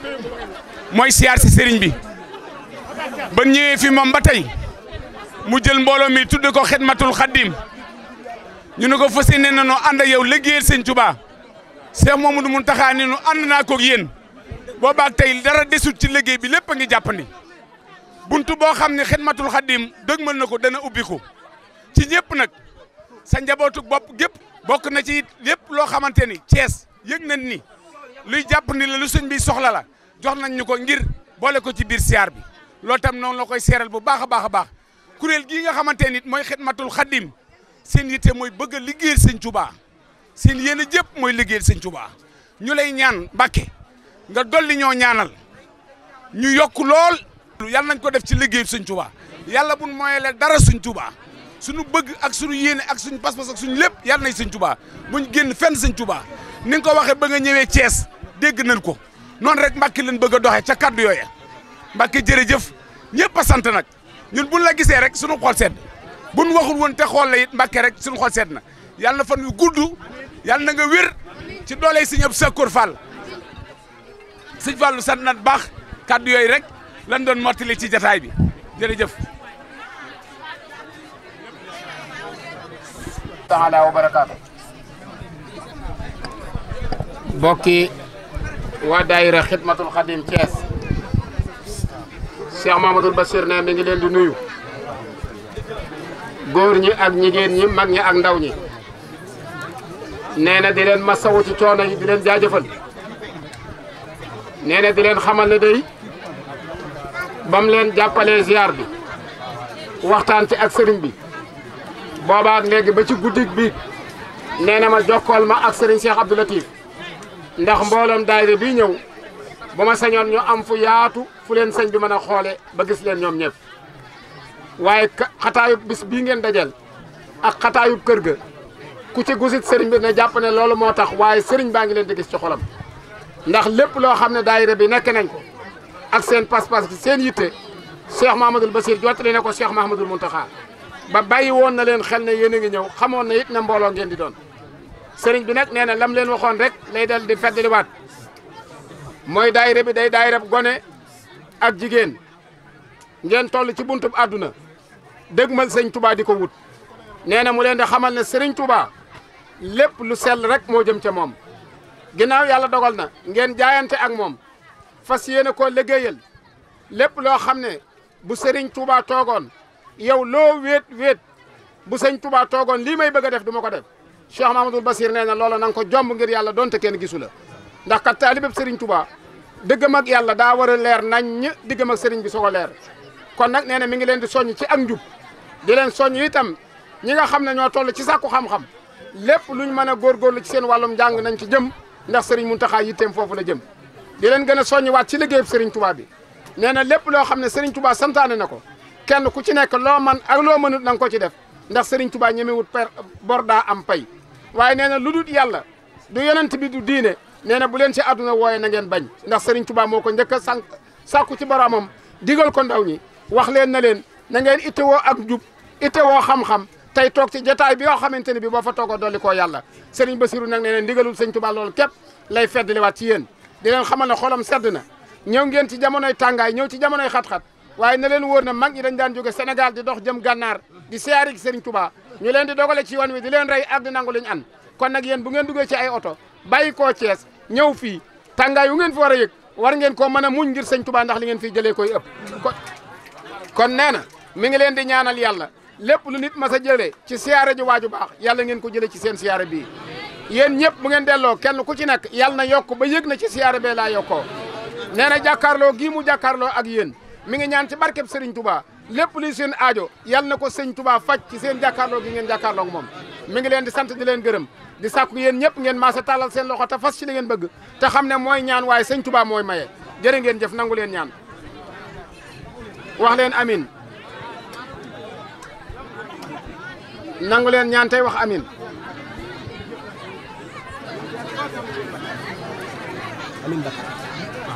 Speaker 3: mooy siyaar si sëriñ bi ba ñëwee fi moom ba tey mu jël mbooloo mi tudd ko xidmatul xaddim ñu ne ko fas yéene nañu ànd ak yow liggéeyal sëñ Tuubaa Seex Mamadu Muntaxaa ni nu ànd naa koog yéen boobaag tey dara desut ci liggéey bi lépp a ngi jàppandi buntu boo xam ne xidmatul xaddim dëgmal na ko dana ubbi ko ci ñëpp nag sa njabootu bopp gépp bokk na ci lépp loo xamante ni Thiès yëg nañ ni luy jàpp ni la lu sëñ bi soxla la jox nañ ñu ko ngir boole ko ci biir siyaar bi loo tam noonu la koy seeral bu baax a baax a baax kuréel gii nga xamante ni mooy xidmatul xaddim seen yitte mooy bëgg a liggéeyal sëñ Tuubaa seen yéene jëpp mooy liggéeyal sëñ Tuubaa ñu lay ñaan Mbàkke nga dolli ñoo ñaanal ñu yokk lool. yàlla nañ ko def ci liggéey sëñ Tuubaa yàlla bu nu moyelee dara sëñ Tuubaa suñu bëgg ak suñu yéene ak suñu pas-pas ak suñu lepp yalla nay señ touba buñ genn fenn señ touba ni nga waxe ba nga ñëwé Thiès dégg nañ ko non rek mbacké lañ bëgg doxé doxee ca kaddu yooya Mbàkke jërëjëf ñëpp a sant nak ñun buñ la gisé rek suñu xol sét buñ waxul won té xol la yit mbacké rek suñu xol sét na yalla fa ñu gudd na nga wër ci doole señ ab Sakkoor Fall señ Fallu sant nañ bax kaddu yooyu rek lañ doon mottali ci jotaay bi jëf
Speaker 6: taala wa barakaatu. bokki waa daayira xidmatul xadim Thiès Cheikh Mamadou Bassir ne mi ngi leen di nuyu góor ñi ak jigéen ñi mag ñi ak ndaw ñi nee na di leen masawu ci coono yi di leen jaajëfal nee na di leen xamal ne day bam leen jàppalee ziar bi waxtaan ci ak sëriñ bi boobaak léegi ba ci guddig bi nee na ma jokkool ma ak Serigne Cheikh Abdou Latif ndax mbooloom daayira bii ñëw boo ma sañoon ñu am fu yaatu fu leen sëñ bi mën a xoole ba gis leen ñoom ñëpp waaye xataayub bis bii ngeen dajal ak xataayub kër ga ku ci gusit sëriñ bi ne jàpp ne loolu moo tax waaye sëriñ baa ngi leen di gis ci ndax lépp loo xam ne daayira bi nekk nañ ko ak seen pas-pas seen yitte Cheikh Mahamadul Basir jottali ne ko Cheikh Mahamadul Muntaxa ba bàyyi woon na leen xel ne yéen a ngi ñëw xamoon na it na mbooloo ngeen di doon sëriñ bi nag nee na lam leen waxoon rek lay dal di feddaliwaat mooy daayira bi day daayira gone ak jigéen ngeen toll ci buntub àdduna dégmal sëñ tubaa di ko wut nee na mu leen di xamal ne sëriñ Touba lépp lu sell rek moo jëm ca moom ginnaaw yàlla dogal na ngeen jaayante ak moom fas yéene koo liggéeyal lépp loo xam ne bu sëriñ Touba toogoon yow loo wéet wéet bu sëñ Touba toogoon lii may bëgg a def du ma ko def Cheikh Mahamadul Basir nee na loola na nga ko jomb ngir yàlla donte kenn gisu la ndax kat taalibeb sëriñ Touba dëggam ak yàlla daa war a leer naññ diggam ak sëriñ bi soo ko leer kon nag nee na mi ngi leen di soññ ci ak njub di leen soññ itam ñi nga xam ne ñoo toll ci sàkku xam-xam lépp luñ mën a góorgóorlu ci seen wàllum jàng nañ ci jëm ndax sëriñ Muntaxa yitteem foofu la jëm di leen gën a soññiwaat ci liggéeyub sëriñ Touba bi nee na lépp loo xam ne sëriñ Touba santaane na ko kenn ku ci nekk loo man ak loo mënut na nga ko ci def ndax Serigne Touba ñemewut per bor daa am pay waaye nee na lu dul yàlla du yonent bi du diine nee na bu leen ci àdduna wooye na ngeen bañ ndax Serigne Touba moo ko njëkk a sànq sàkku ci boromam digal ko ndaw ñi wax leen na leen na ngeen ittewoo ak njub woo xam-xam tey toog ci jotaay bi yoo xamante ne bi boo fa toogoo dolli koo yàlla Serigne Bassirou nag nee na ndigalul Serigne Touba lool képp lay feddliwaat ci yéen di xamal ne xolam sedd na ñëw ngeen ci jamonoy tàngaay ñëw ci jamonoy xat waaye na leen wóor na mag ñi dañ di dox jëm gànnaar di siyaare gi Serigne Touba ñu leen di dogale ci yoon wi di leen rey ak di nangu an kon nag yéen bu ngeen duggee ci ay oto bàyyi koo Thiès ñëw fii yu ngeen fi war a war ngeen koo mën muñ ngir Serigne Touba ndax li ngeen koy ëpp kon nee mi ngi leen di ñaanal yàlla lépp lu nit mas a ci siyaare ji waaju baax yàlla ngeen ko jëlee ci seen siyaare bii yéen ñëpp bu ngeen delloo kenn ku ci nekk yàlla na yokk ba yëg ci mu ak mi ngi ñaan ci barkeb Serigne Touba lépp luy seen aajo yal na ko sëñ Touba faj ci seen jàkkaarloo gi ngeen jàkkaarloo ak moom mi ngi leen di sant di leen gërëm di sàkku yéen ñëpp ngeen maasa tàllal seen loxo te fas ci li bëgg te xam ne mooy ñaan waaye sëñ Touba mooy maye jërë ngeen jëf nangu leen ñaan wax leen amin nangu leen ñaan tey wax amin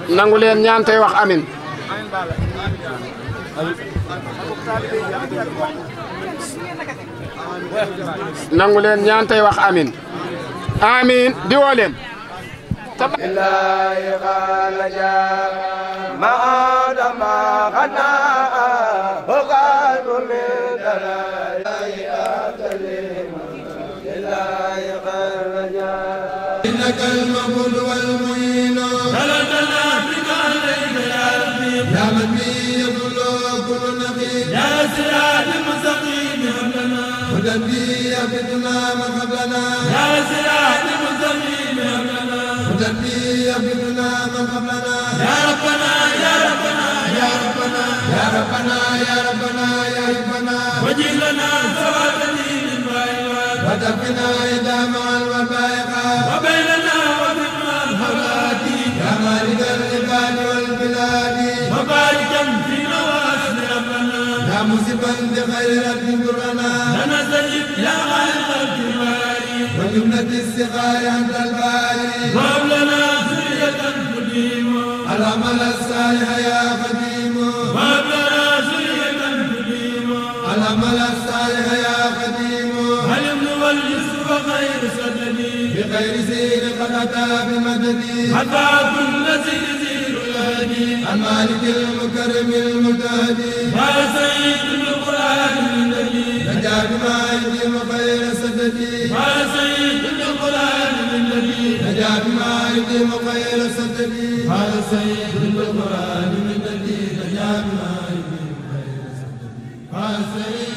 Speaker 4: nangu leen ñaan tey wax amin
Speaker 6: nanguleen leen ñaan tey wax amin amin di woo leen
Speaker 4: billahi qala ja ma adama qana
Speaker 1: hoqatu min dara billahi qala ja innaka al-mawlud مدبي بدنا مغبنا يا زياد مزمي مغبنا مدبي بدنا مغبنا يا ربنا يا ربنا يا
Speaker 9: ربنا يا ربنا يا ربنا يا ربنا وجه سواد الدين
Speaker 1: البايعات ودفنا إذا مع الوبائقات وبين مصيبا بغير رد درنا لنا سجد يا خالق الكبار وجملة الصغار عند الباري وهب لنا سرية قديم العمل الصالح يا قديم وهب لنا سرية قديم العمل الصالح يا قديم الامن واليسر غير سدني بغير زين قد اتى بمددي حتى كل زين المالك المكرم المتهدي ما سيد القران النبي نجا بما يديم خير سددي ما سيد القران النبي نجا بما يديم خير سددي ما
Speaker 9: سيد القران النبي نجا بما يديم خير سددي ما سيد